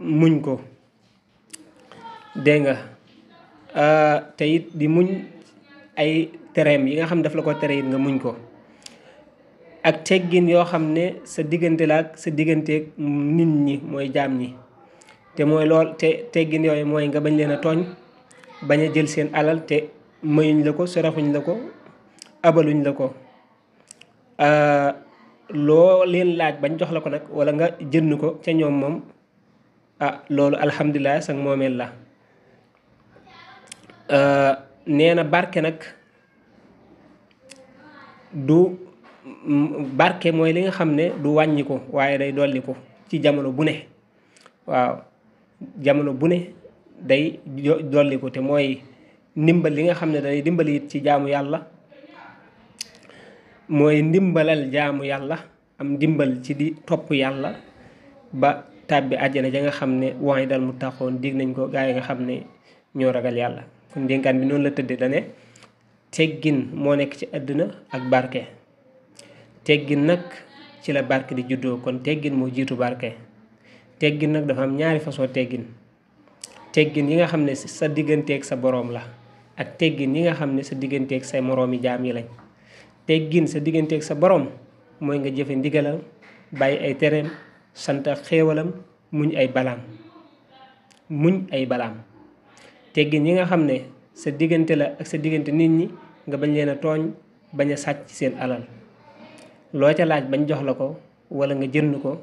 muñ ko dégg nga ah, te it di muñ ay tereem yi nga xam daf la ko tere it nga muñ ko ak teggin yoo xam ne sa diggante la ak sa digganteeg nit ñi mooy jaam ñi te mooy lool te teggin yooyu mooy nga bañ leen a tooñ bañ a jël seen alal te mayuñ la ko soraxuñ la ko abaluñ la ko ah, loo leen laaj bañ jox la ko nag wala nga jënd ko ca ñoom moom ah loolu alhamdulilah sag moomeel la euh, nee na barke nag du barke mooy li nga xam ne du wàññi ko waaye day dolli ci jamono bu ne waaw jamono bu ne day dolli ko te mooy ndimbal li nga xam ne day dimbali ci jaamu yàlla moy ndimbalal jaamu yalla am ndimbal ci di top yalla ba tabbi aljana ja nga xamne ne waaye dal mu taxoon dig nañ ko gaay nga xamne ño ragal yalla kon ndénkaan bi non la tëddee da ne teggin mo nek ci aduna ak barke teggin nak ci la barke di juddo kon teggin mo jitu barke teggin nak dafa am ñaari façon teggin teggin yi nga xamne sa sa ak sa borom la ak teggin yi nga xamne sa sa ak say moroomi jaam yi lañ teggin sa ak sa borom moy nga jëfé ndigalal bay ay tereem santa xéewalam muñ ay balam muñ ay balam teggin yi nga xamné sa digënté la ak sa digënté nit ñi nga bañ leena togn baña sacc ci seen alal lo ca laaj bañ jox lako ko wala nga jënd ko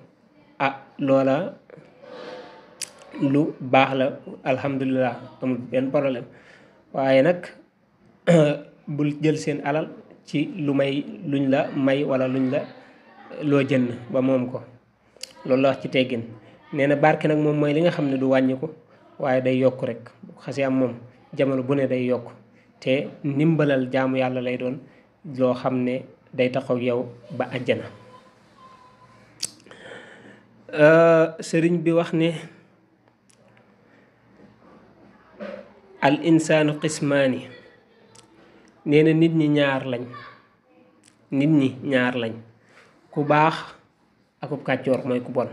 ah lola lu baax la alhamdullilah amul ben problème waye nak bul jël seen alal ci lu may luñ la may walla luñ la loo jënd ba moom ko loolu la wax ci teggin nee na nag moom mooy li nga xam ne du wàññi ko waaye day yokk rek xasee am moom jamono bu ne day yokk te ndimbalal jaamu yàlla lay doon loo xam ne day taxaw yow ba àjjana sëriñ bi wax ne al insaanu qismaani nee nit ñi ñaar lañ nit ñi ñaar lañ ku baax akub kàccoor mooy ku bon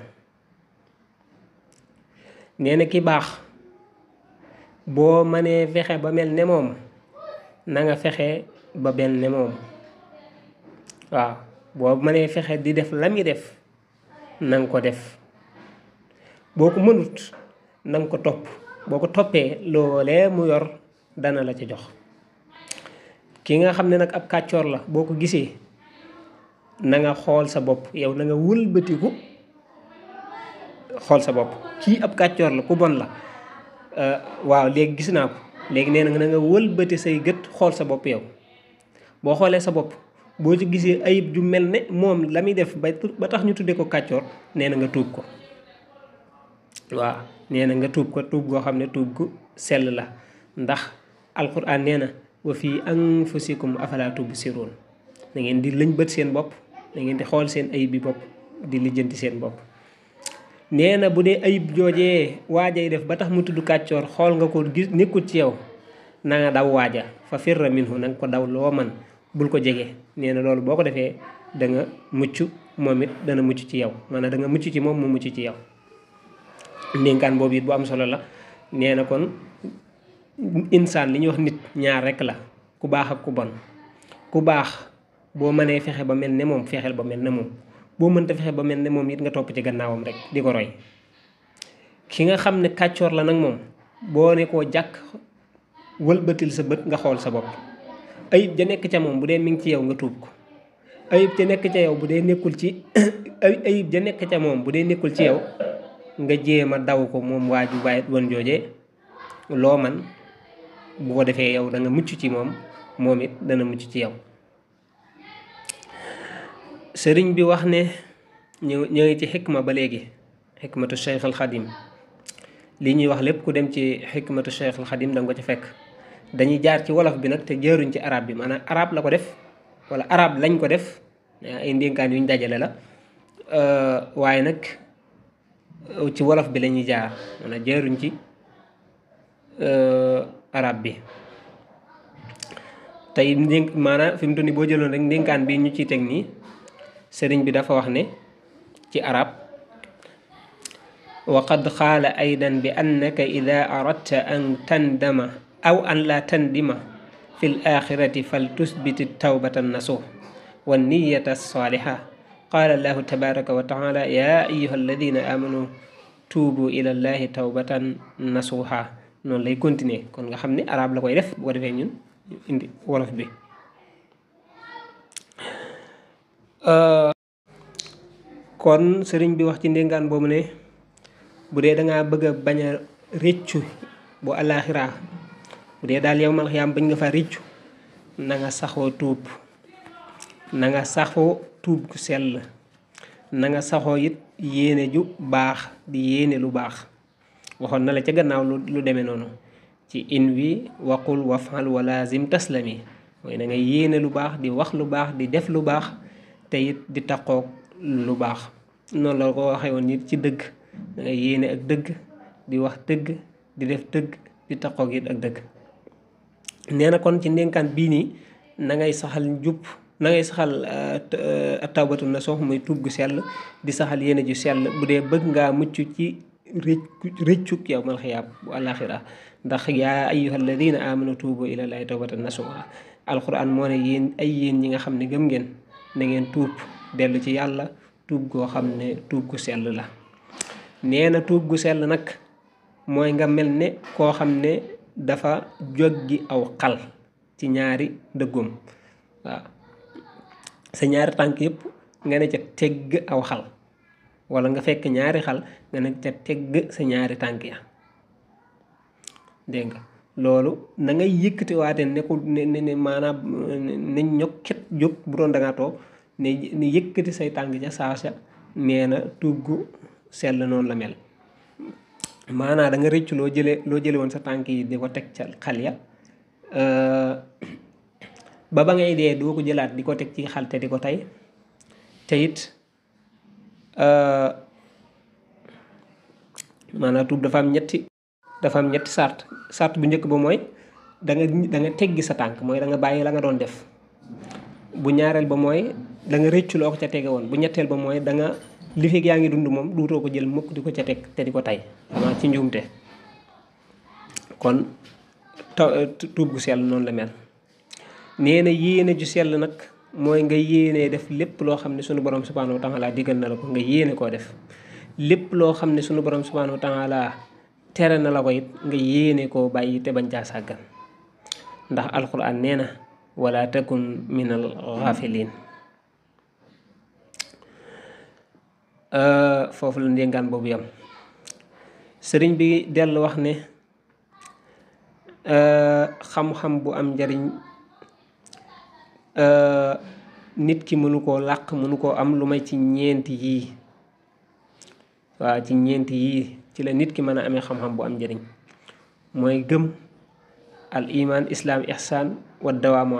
nee ki baax boo mënee fexe ba mel ne moom na nga fexe ba mel ne moom waaw boo mënee fexe di def la muy def nanga ko def boo ko mënut na ko topp boo ko toppee loolee mu yor dana la ca jox ki nga xam ne nag ab kàccoor la boo ko gisee na nga xool sa bopp yow na nga wëlbatiku xool sa bopp kii ab kàccoor la ku bon la euh, waaw léegi gis naa ko léegi nee na na nga wëlbati say gët xool sa bopp yow boo xoolee sa bopp boo ci gisee ayib ju mel ne moom la muy def ba ba tax ñu tuddee ko kàccoor nee na nga tuub ko waaw nee na nga tuub ko tuub goo xam ne tuub gu sel la ndax alxuraan nee na wa fii anfusikum afala tubsiruun na ngeen di lëñbët seen bopp na ngeen di xool seen ayib bi bopp di lijjanti seen bopp nee na bu dee ayib joojee yi def ba tax mu tudd kàccoor xool nga ko gis nekkul ci yow na nga daw waaja fa firra minhu na ko daw loo man bul ko jege nee na loolu boo ko defee danga mucc moom it dana mucc ci yow maanaam da nga mucc ci moom mu mucc ci yaw ndénkaan boobu it bu am solo la nee na kon insaan li ñuy wax nit ñaar rekk la ku baax ak ku bon ku baax boo mënee fexe ba mel ne moom fexeel ba mel ne moom boo mënta fexe ba mel ne moom it nga topp ci gannaawam rek di ko roy ki nga xam ne kàccoor la nag moom boo ne koo jàkk wëlbatil sa bët nga xool sa bopp ayib ja nekk ca moom bu dee mi ngi ci yaw nga tuub ko ayib ja nekk ca yow bu dee nekkul ci ayib ja nekk ca moom bu dee nekkul ci yow nga jéem a daw ko moom waaju waayet woon jooje loo man bu ko defee yow danga mucc ci moom moom it dana mucc ci yow sëriñ bi wax ne ñu ñu ngi ci xikma ba léegi xikmatu Cheikh al Xadim li ñuy wax lépp ku dem ci xikmatu Cheikh al danga ko ci fekk dañuy jaar ci wolof bi nag te jaaruñ ci araab bi a arab la ko def wala arab lañ ko def ay ndénkaan yu ñu dajale la waaye nag ci wolof bi lañuy jaar maanaam jaaruñ ci arab bi tey ndénk maanaam boo jëloon rek ndénkaan bi ñu ciy teg nii sëriñ bi dafa wax ne ci arab wa qad xaala aydan bi annaka ida aradta an tandama aw an la tandima fi l axirati fal tusbiti tawbata nasuh wa niyata saliha qaala allahu tabaraka wa taala ya ayuha alladina tuubu ila allahi tawbatan nasuha non lay continuer kon nga xamni ne arab la koy def bu defé ñun indi wolof bi euh, kon sëriñ bi wax ci ndéngaan mu ne bu da nga bëgg baña bañ bu alakhirah bu dé dal yow mal xiyaam bañ nga fa rëccu na nga saxo tuub na nga saxo tuub ku sel na nga saxo yit ju baax di yene lu baax waxon na la ci gannaaw lu lu deme nonu ci in wi waqul wafal wa lazim taslami moy na ngay yene lu bax di wax lu bax di def lu bax te di taqoog lu bax non la ko waxe won nit ci deug da ngay yene ak deug di wax deug di def deug di taqoog it ak deug neena kon ci ndénkaan bi ni na ngay saxal njub na ngay saxal euh, euh, tawbatu na muy tuub di saxal yene ju sel budé bëgg nga muccu ci réccuk yawmal xiyaam bu àllaaxira ndax yaa ayyuha alladina amanu tuubu ilallaahi tawbatan nasuha alquran moo ne yéen ay yéen ñi nga xam ne gëm ngeen na ngeen tuub dellu ci yàlla tuub goo xam ne tuub gu sell la neena na tuub gu sell nag mooy nga mel ne koo xam ne dafa jóg gi aw xal ci ñaari dëggoom waaw sa ñaari tànk yépp nga ne ca tegg aw xal wala nga fekk ñaari xal nga ne ca tegg sa ñaari tànk ya dégg nga loolu na ngay yëkkatiwaate nekkul ne ne maanaam ne ñokkit jóg bu doon da toog ne ne yëkkati say tànk ca saasa nee na tugg sell noonu la mel maanaa danga nga rëccu loo jëlee loo jële woon sa tànk yi di ko teg ca xal ya ba ba ngay dee doo ko jëlaat di ko teg ci xal te di ko tey te Euh, maanaam tuub dafa am ñetti dafa am ñetti sart sart bu njëkk ba mooy danga nga teggi sa tànk mooy da nga bàyyi la nga doon def bu ñaareel ba mooy danga nga ko ca tege woon bu ñetteel ba mooy da nga li fi yaa ngi dund moom duutoo ko jël mukk di ko ca teg te di ko tay xanaa ci njuumte kon tuub gu sell noonu la mel nee na ju sell nag mooy nga yéenee def lépp loo xam ne sunu borom subhanahu wa taala digal na la ko nga yéene koo def lépp loo xam ne sunu borom subhanahu wa taala tere na la ko it nga yéene koo bàyyi te bañ caa sàggan ndax alquran nee na wala takun min al xaafilin euh, foofu la ndéngaan boobu yam sëriñ bi dellu wax ne euh, xam-xam bu am njariñ Euh, nit ki mënu koo làq mënu koo am lu may ci ñeenti yii waaw ci ñeenti yii ci la nit ki mën a amee xam-xam bu am njariñ mooy gëm al islaam ihsaan wa dawaamu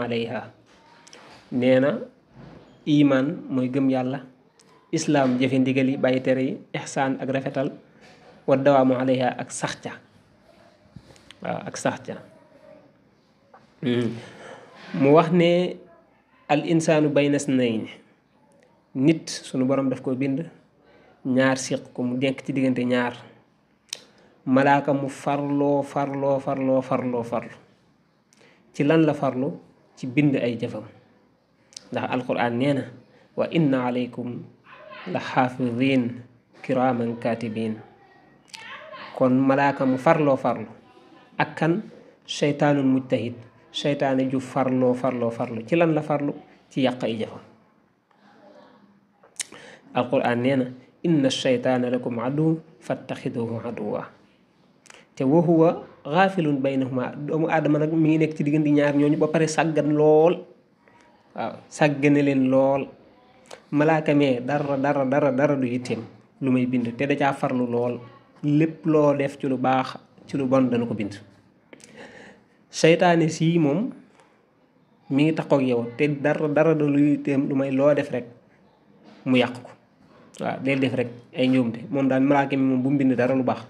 na iman mooy gëm yàlla islaam jëfe ndigal yi bàyyi tere yi ihsaan ak rafetal wa dawaamu alayha ak saxca ca ak saxca hmm. mu wax ne al insaanu bayna isnayni nit sunu borom daf ko bind ñaar siq ko mu denk ci diggante ñaar malaaka mu farloo farloo farloo farloo farlu ci lan la farlu ci bind ay jëfam ndax alquran nee na wa inna alaykum la xaafidin kiraman katibin kon malaaka mu farloo farlu ak kan cheytaanul mujtahid shaytané ju farlo farlo farlo. ci lan la farlo ci yaq ay jafa alquran nee inna inna shaytana lakum Adu, fattakhiduhu aduwa te wo huwa ghafilun baynahuma mu adama nak mi ngi nek ci digënd ñaar ñoñu ba paré saggan lool wa sàggane len lool malaka me dara dara dara dara du yitim lumay bind te da ca farlu lool lepp lo def ci lu bax ci lu bon dana ko bind seytaane sii moom mi ngi taxaw ak yow te dara dara du luy tem lu may loo def rek mu yàq ko waaw day def rek ay de moom daal malaaka mi moom bu mbind dara lu baax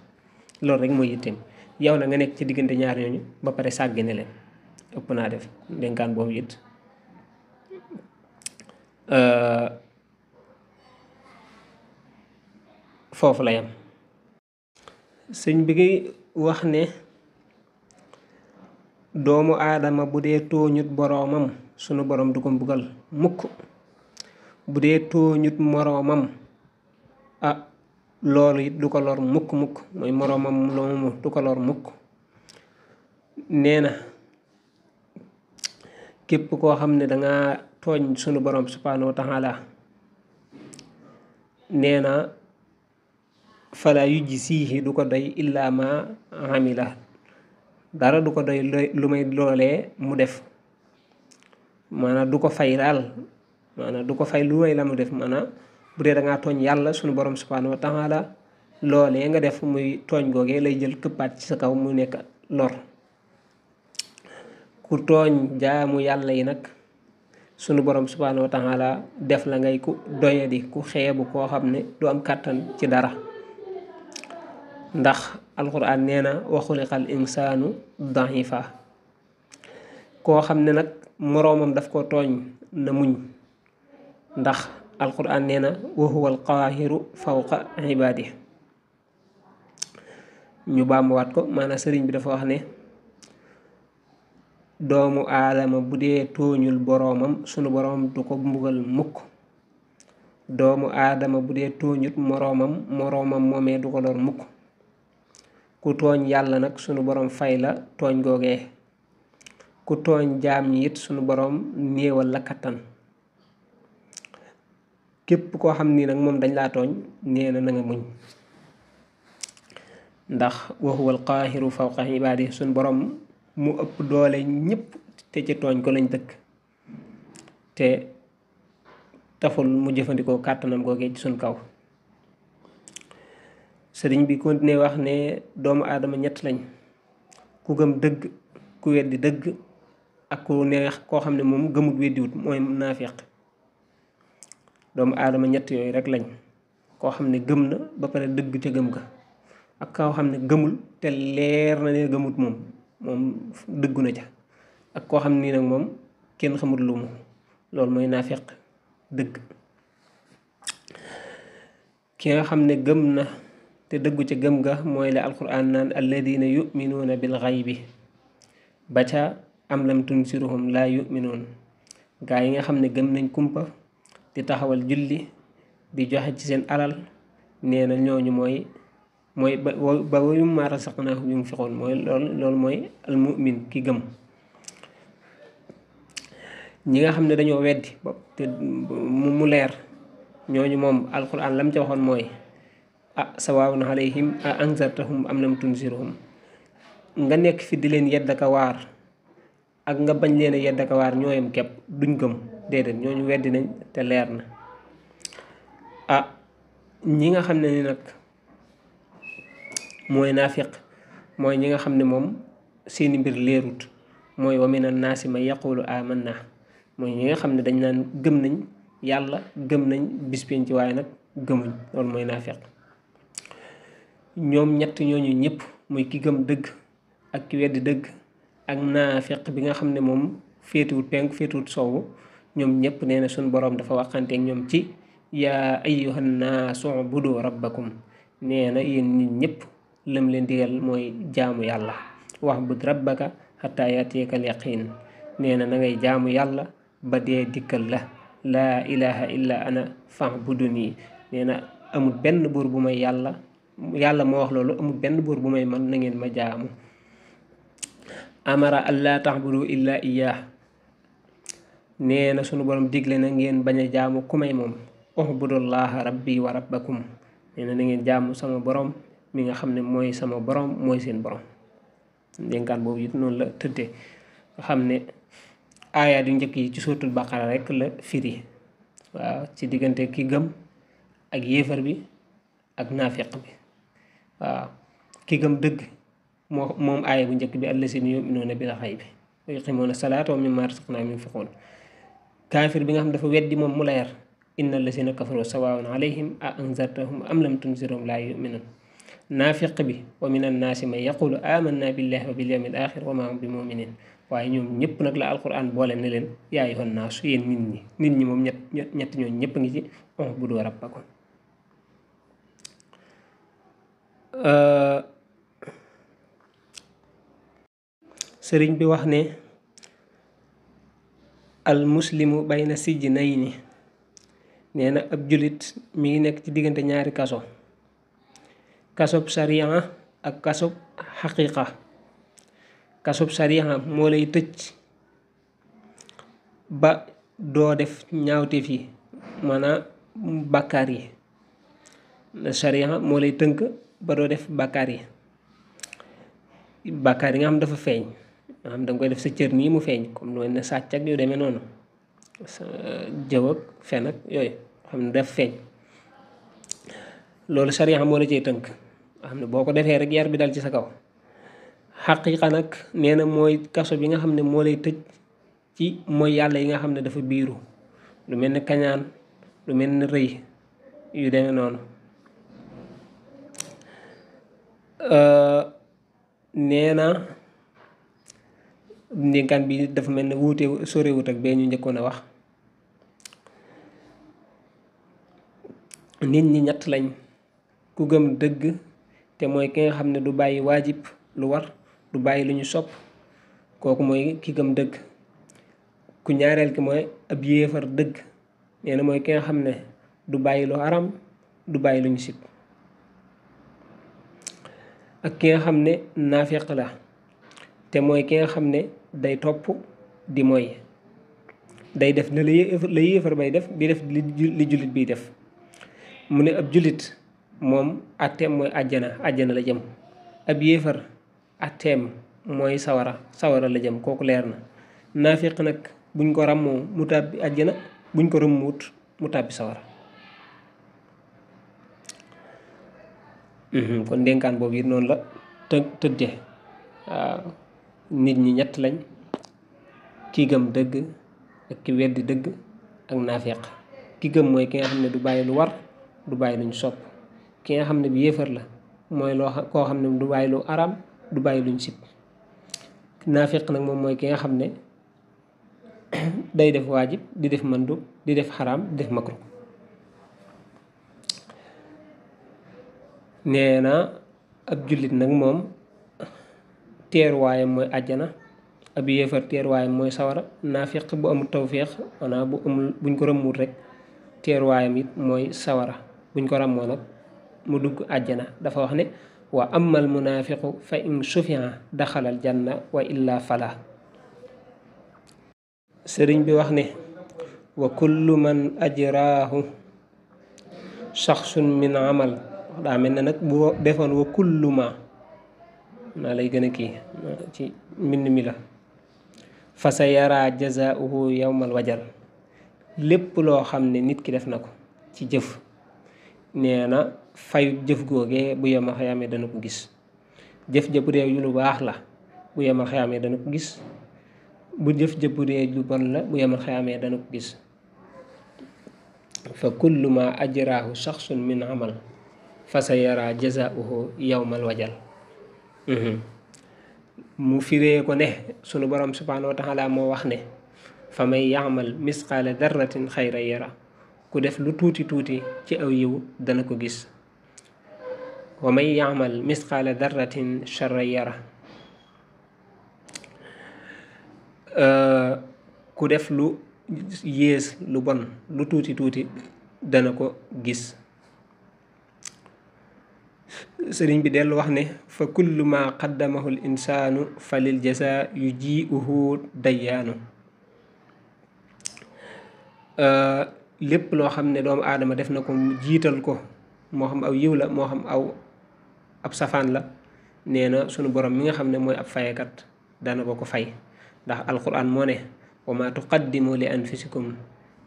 loolu rek mooy yitteem yow na nga nekk ci diggante ñaar ñooñu ba pare ne leen ëpp naa def dénkaan boobu it foofu la yam sëñ bi ngay wax ne doomu aadama bu dee tooñut boroomam sunu borom du ko mbugal mukk bu dee tooñut moroomam a ah, loolu it du ko lor mukk mukk mooy moroomam loomu du ko lor mukk nee na képp koo xam ne danga tooñ sunu borom subhaanahu wa taala nee na fala yujisihi du ko doy illaa ma amila dara du ko doy lu may loolee mu def manana du ko fay mana manana du ko fay lu way la mu def manana bu da nga togn yalla sunu borom subhanahu wa taala lolé nga def muy togn googee lay jël keppat ci sa kaw mu nek lor ku togn jaamu yalla yi nak sunu borom subhanahu wa taala def la ngay ku doyadi ku xeebu ko xam du am kàttan ci dara ndax alquran nee na wa xuliqal insaanu daifa koo xam ne nag moroomam daf ko tooñ na muñ ndax alquran nee na wa huwa alqaahiru fawqa ibaadi ñu baamuwaat ko maanaam sëriñ bi dafa wax ne doomu aadama bu dee tooñul boroomam sunu boroom du ko mbugal mukk doomu aadama bu dee tooñut moroomam moroomam moomee du ko lor mukk ku tooñ yàlla nag sunu boroom fay la tooñ googee ku tooñ jaam ñi it sunu borom néewal la kàttan képp koo xam ni nag moom dañ laa tooñ nee na na nga muñ ndax wa huwa alqaahiru fawqa sunu borom mu ëpp doole ñëpp te ci tooñ ko lañ dëkk te taful mu jëfandikoo kàttanam googee ci sunu kaw sëriñ bi continué wax ne doomu aadama ñett lañ ku gëm dëgg ku weddi dëgg ak ko neex koo xam ne moom gëmut weddiwut mooy naafiq doomu aadama ñett yooyu rek lañ koo xam ne gëm na ba pare dëgg ca gëm ga ak koo xam ne gëmul te leer na ne gëmut moom na ca ak koo xam moom kenn xamut lu mu loolu mooy naafiq dëgg ki xam ne gëm na te dëggu ca gëm ga mooy la alquran naan alladina yuminuuna bil bi ba ca am lam tunsiruhum laa yuminuun gaa yi nga xam ne gëm nañ kumpa di taxawal julli di joxe ci seen alal nee na ñooñu mooy mooy ba ba wayu ma rasaqnaahu yunfiqoon mooy loolu loolu mooy almumin ki gëm ñi nga xam ne dañoo weddi te mu leer ñooñu moom alquran lam ca waxoon mooy sawaun sawaawun alayhim a anzartahum am lam tunzirhum nga nekk fi di yadda yedd ak ak nga bañ len a ka war ñoyam kep duñ gëm dedet ñoñu weddi nañ te leer na a ñi nga xamne ni nak moy nafiq moy ñi nga xamne mom seeni leerut moy wa ma yaqulu amanna moy ñi nga xamne dañ nan gëm nañ yalla gëm nañ bis ci way nak gëmuñ loolu moy nafiq ñoom ñett ñooñu ñëpp muy ki gëm dëgg ak ki weddi dëgg ak naafiq bi nga xam ne moom féetuwut penku féetuwut soowu ñoom ñëpp nee na suñ borom dafa waxante ñoom ci yaa ayyuhan naasu budu rabbakum nee na yéen nit ñëpp lam leen digal mooy jaamu yàlla wax bud rabbaka hatta yaatiyaka al yaqin nee na na ngay jaamu yàlla ba dee dikkal la laa ilaha illa ana fa'buduni nee na amul benn buur bu may yàlla yalla mo wax lolu amul benn bur bu may man na ngeen ma jaamu amara allah ta'budu illa iyyah neena sunu borom digle na ngeen baña jaamu ku may moom uxbudullaha rabbi wa rabbakum neena na ngeen jaamu sama borom mi nga xamne moy sama borom moy seen borom dénkaan bobu yit non la tëddee xamne aya ne ñëk yi ci suratul baqara rek la firi waaw ci diggante ki gëm ak yéfer bi ak nafiq bi waaw ki gëm dëgg moo moom aaya bu njëkk bi allazina yuminuuna bil xaybi wa yuqimuuna salaata wa mimma razaqnaahum yunfiquun kaafir bi nga xam dafa weddi moom mu leer inna allazina kafaru sawaawun alayhim a anzartahum am lam tunzirhum laa yuminuun naafiq bi wa min annaasi man yaqulu amanna billahi wa bil yawmil axir wa maa hum bi muminin waaye ñoom ñëpp nag la alquran boole ne leen yaa ayyuhan naasu yéen nit ñi nit ñi moom ñett ñett ñooñu ñëpp ngi ci on bu doo rabbakum Eh, sering bi wax ne al muslimu bayna sijnayni neena ab julit mi ngi nek ci digënté ñaari kasso kasob sharia ak kasob haqiqa kasso sharia mo lay tecc ba do def ñaawte fi mana bakari sharia mo lay teunk ba doo def bàkkaar yi bàkkaar yi nga xam dafa feeñ nga xam da koy def sa cër nii mu feeñ comme lu mel ne sàcc ak yu demee noonu sa jëw ak fen ak yooyu xam ne daf feeñ loolu sariya moo cee tënk xam ne boo ko defee rek yar bi dal ci sa kaw xaqiqa nag nee na mooy kaso bi nga xam ne moo lay tëj ci mooy yàlla yi nga xam ne dafa biiru lu mel ne kañaan lu mel ne rëy yu deme noonu Euh, nee na ndénkaan bi dafa mel ne wuute sorewut ak bee ñu njëkkoon a wax nit ñi ñett lañ ku gëm dëgg te mooy ki xam ne du bàyyi waajib lu war du bàyyi lu ñu sopp kooku mooy ki gëm dëgg ku ñaareel ki mooy ab yéefar dëgg nee mooy ki xam ne du bàyyi lu haram du bàyyi lu ñu sib ak ki xam ne naafeq la te mooy ki xam ne day topp di mooy day def ne la yéefar bay def bi def li jullit biy def mu ne ab jullit moom atteem mooy àjjana àjjana la jëm ab yéefar atteem mooy sawara sawara la jëm kooku leer na naafeq nag buñ ko ràmmoo mu tàbbi àjjana buñ ko ràmmuwut mu tàbbi sawara Mm-hmm. kon dénkaan boobu it noonu la të tëddee waaw nit ñi ñett lañ kii gëm dëgg ak ki weddi dëgg ak naafeq ki gëm mooy ki nga xam ne du bàyyi lu war du bàyyi luñ sopp ki nga xam ne bi yéefar la mooy loo koo xam ne du bàyyi lu araam du bàyyi luñ sib naafeq nag moom mooy ki nga xam ne day def waajib di def mandu di def xaraam di def makru nee na ab jullit nag moom teeruwaayam mooy àjjana ab yéefar teeruwaayam mooy sawara naafiq bu amul tawfiq maanaam bu amul buñ ko rëmmul rek teeruwaayam it mooy sawara buñ ko ràmmoo nag mu dugg àjjana dafa wax ne wa amal munaafiqu fa in sufia daxalal janna wa illaa fala sëriñ bi wax ne wa kullu man ajraahu shaxsun min amal daa mel ne nag bu defoon wa kulluma naa lay gën a kii ci mbind mi la fa sa yara jazauhu yawmal wajal lépp loo xam ne nit ki def na ko ci jëf nee na fayu jëf googee bu yemal xayaamee dana ko gis jëf ja lu baax la bu yemal xayaamee dana ko gis bu jëf ja bu dee lu la bu yemal xayaamee dana ko gis fa kullu ma ajraahu shaxsun min amal fasayara jazaa'uhu yawmal wajal mu firee ko ne sunu borom subhaanahu wa taala moo wax ne fa may yaamal misqaala darratin xayra yara ku def lu tuuti tuuti ci aw yiw dana ko gis wa may yaamal misqaala darratin charra yara ku def lu yées lu bon lu tuuti tuuti dana ko gis sëriñ bi dellu wax ne fa kullu ma qaddamahu l insaanu falil jasa yu ji uhu dayyaanu lépp loo xam ne doomu aadama def na ko mu jiital ko moo xam aw yiw la moo xam aw ab safaan la nee na sunu borom mi nga xam ne mooy ab fayekat dana ko ko fay ndax alquran moo ne wa ma tuqaddimu li anfusikum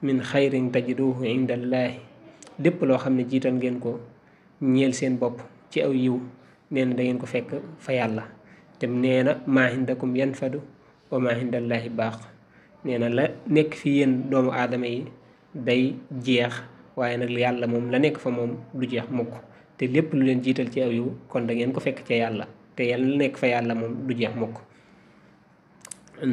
min xayrin tajiduhu inda allahi lépp loo xam ne jiital ngeen ko ñeel seen bopp ci aw yiw neena da ngeen ko fekk fa yalla te neena ma hindakum yanfadu wa ma hindallahi baq neena la nek fi yeen doomu adama yi day jeex waye nak yalla mom la nek fa mom du jeex mukk te lepp lu len jital ci aw yiw kon da ngeen ko fekk ci yalla te yalla la nek fa yalla mom du jeex mukk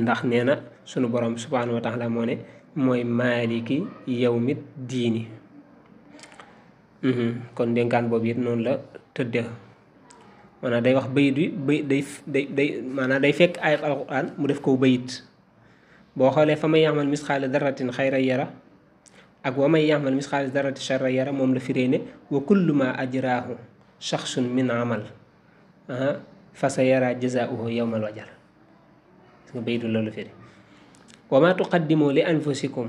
ndax neena sunu borom subhanahu wa taala mo ne mooy maaliki yawmid diini mhm. kon denkan bobu it non la تدي مانا أنا واخ بيت وي بيت داي داي داي أنا داي فيك اي القران مو ديف كو بيت بو خوله فما يعمل مثقال ذره خيرا يرى اك وما يعمل مثقال ذره شر يرى موم لا فيرينه وكل ما اجراه شخص من عمل اها فسيرى جزاؤه يوم الوجر بيت لول فيري وما تقدموا لانفسكم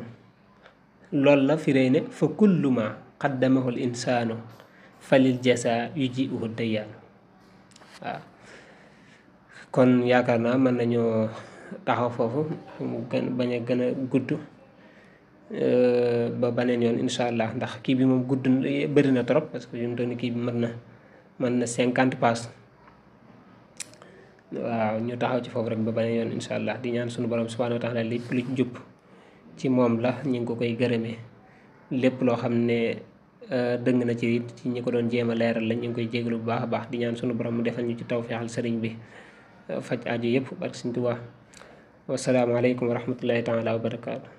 لول لا فيرينه فكل ما قدمه الانسان falil jasa yuji uhu dayya ah. kon yakarna man nañu taxaw fofu mu gën baña gëna gën a eh, ba banen yon inshallah ndax ki bi mom gudd eh, beuri na trop parce que yu doon ki bi man na man na 50 pass waaw ñu taxaw ci fofu rek ba banen yon inshallah di ñaan suñu borom subhanahu wa taala lépp lu ci mom la ñing ko koy gërëmee lepp lo xam Euh, dëng na ci it ci ñi ko doon jéem a leeral la ñu ngi koy jégalu bu baax baax di ñaan sunu borom mu defal ñu ci tawféexal sëriñ bi euh, faj aajo yëpp barke Sëriñ Tuubaa wasalaamaaleykum wa wa barakaatu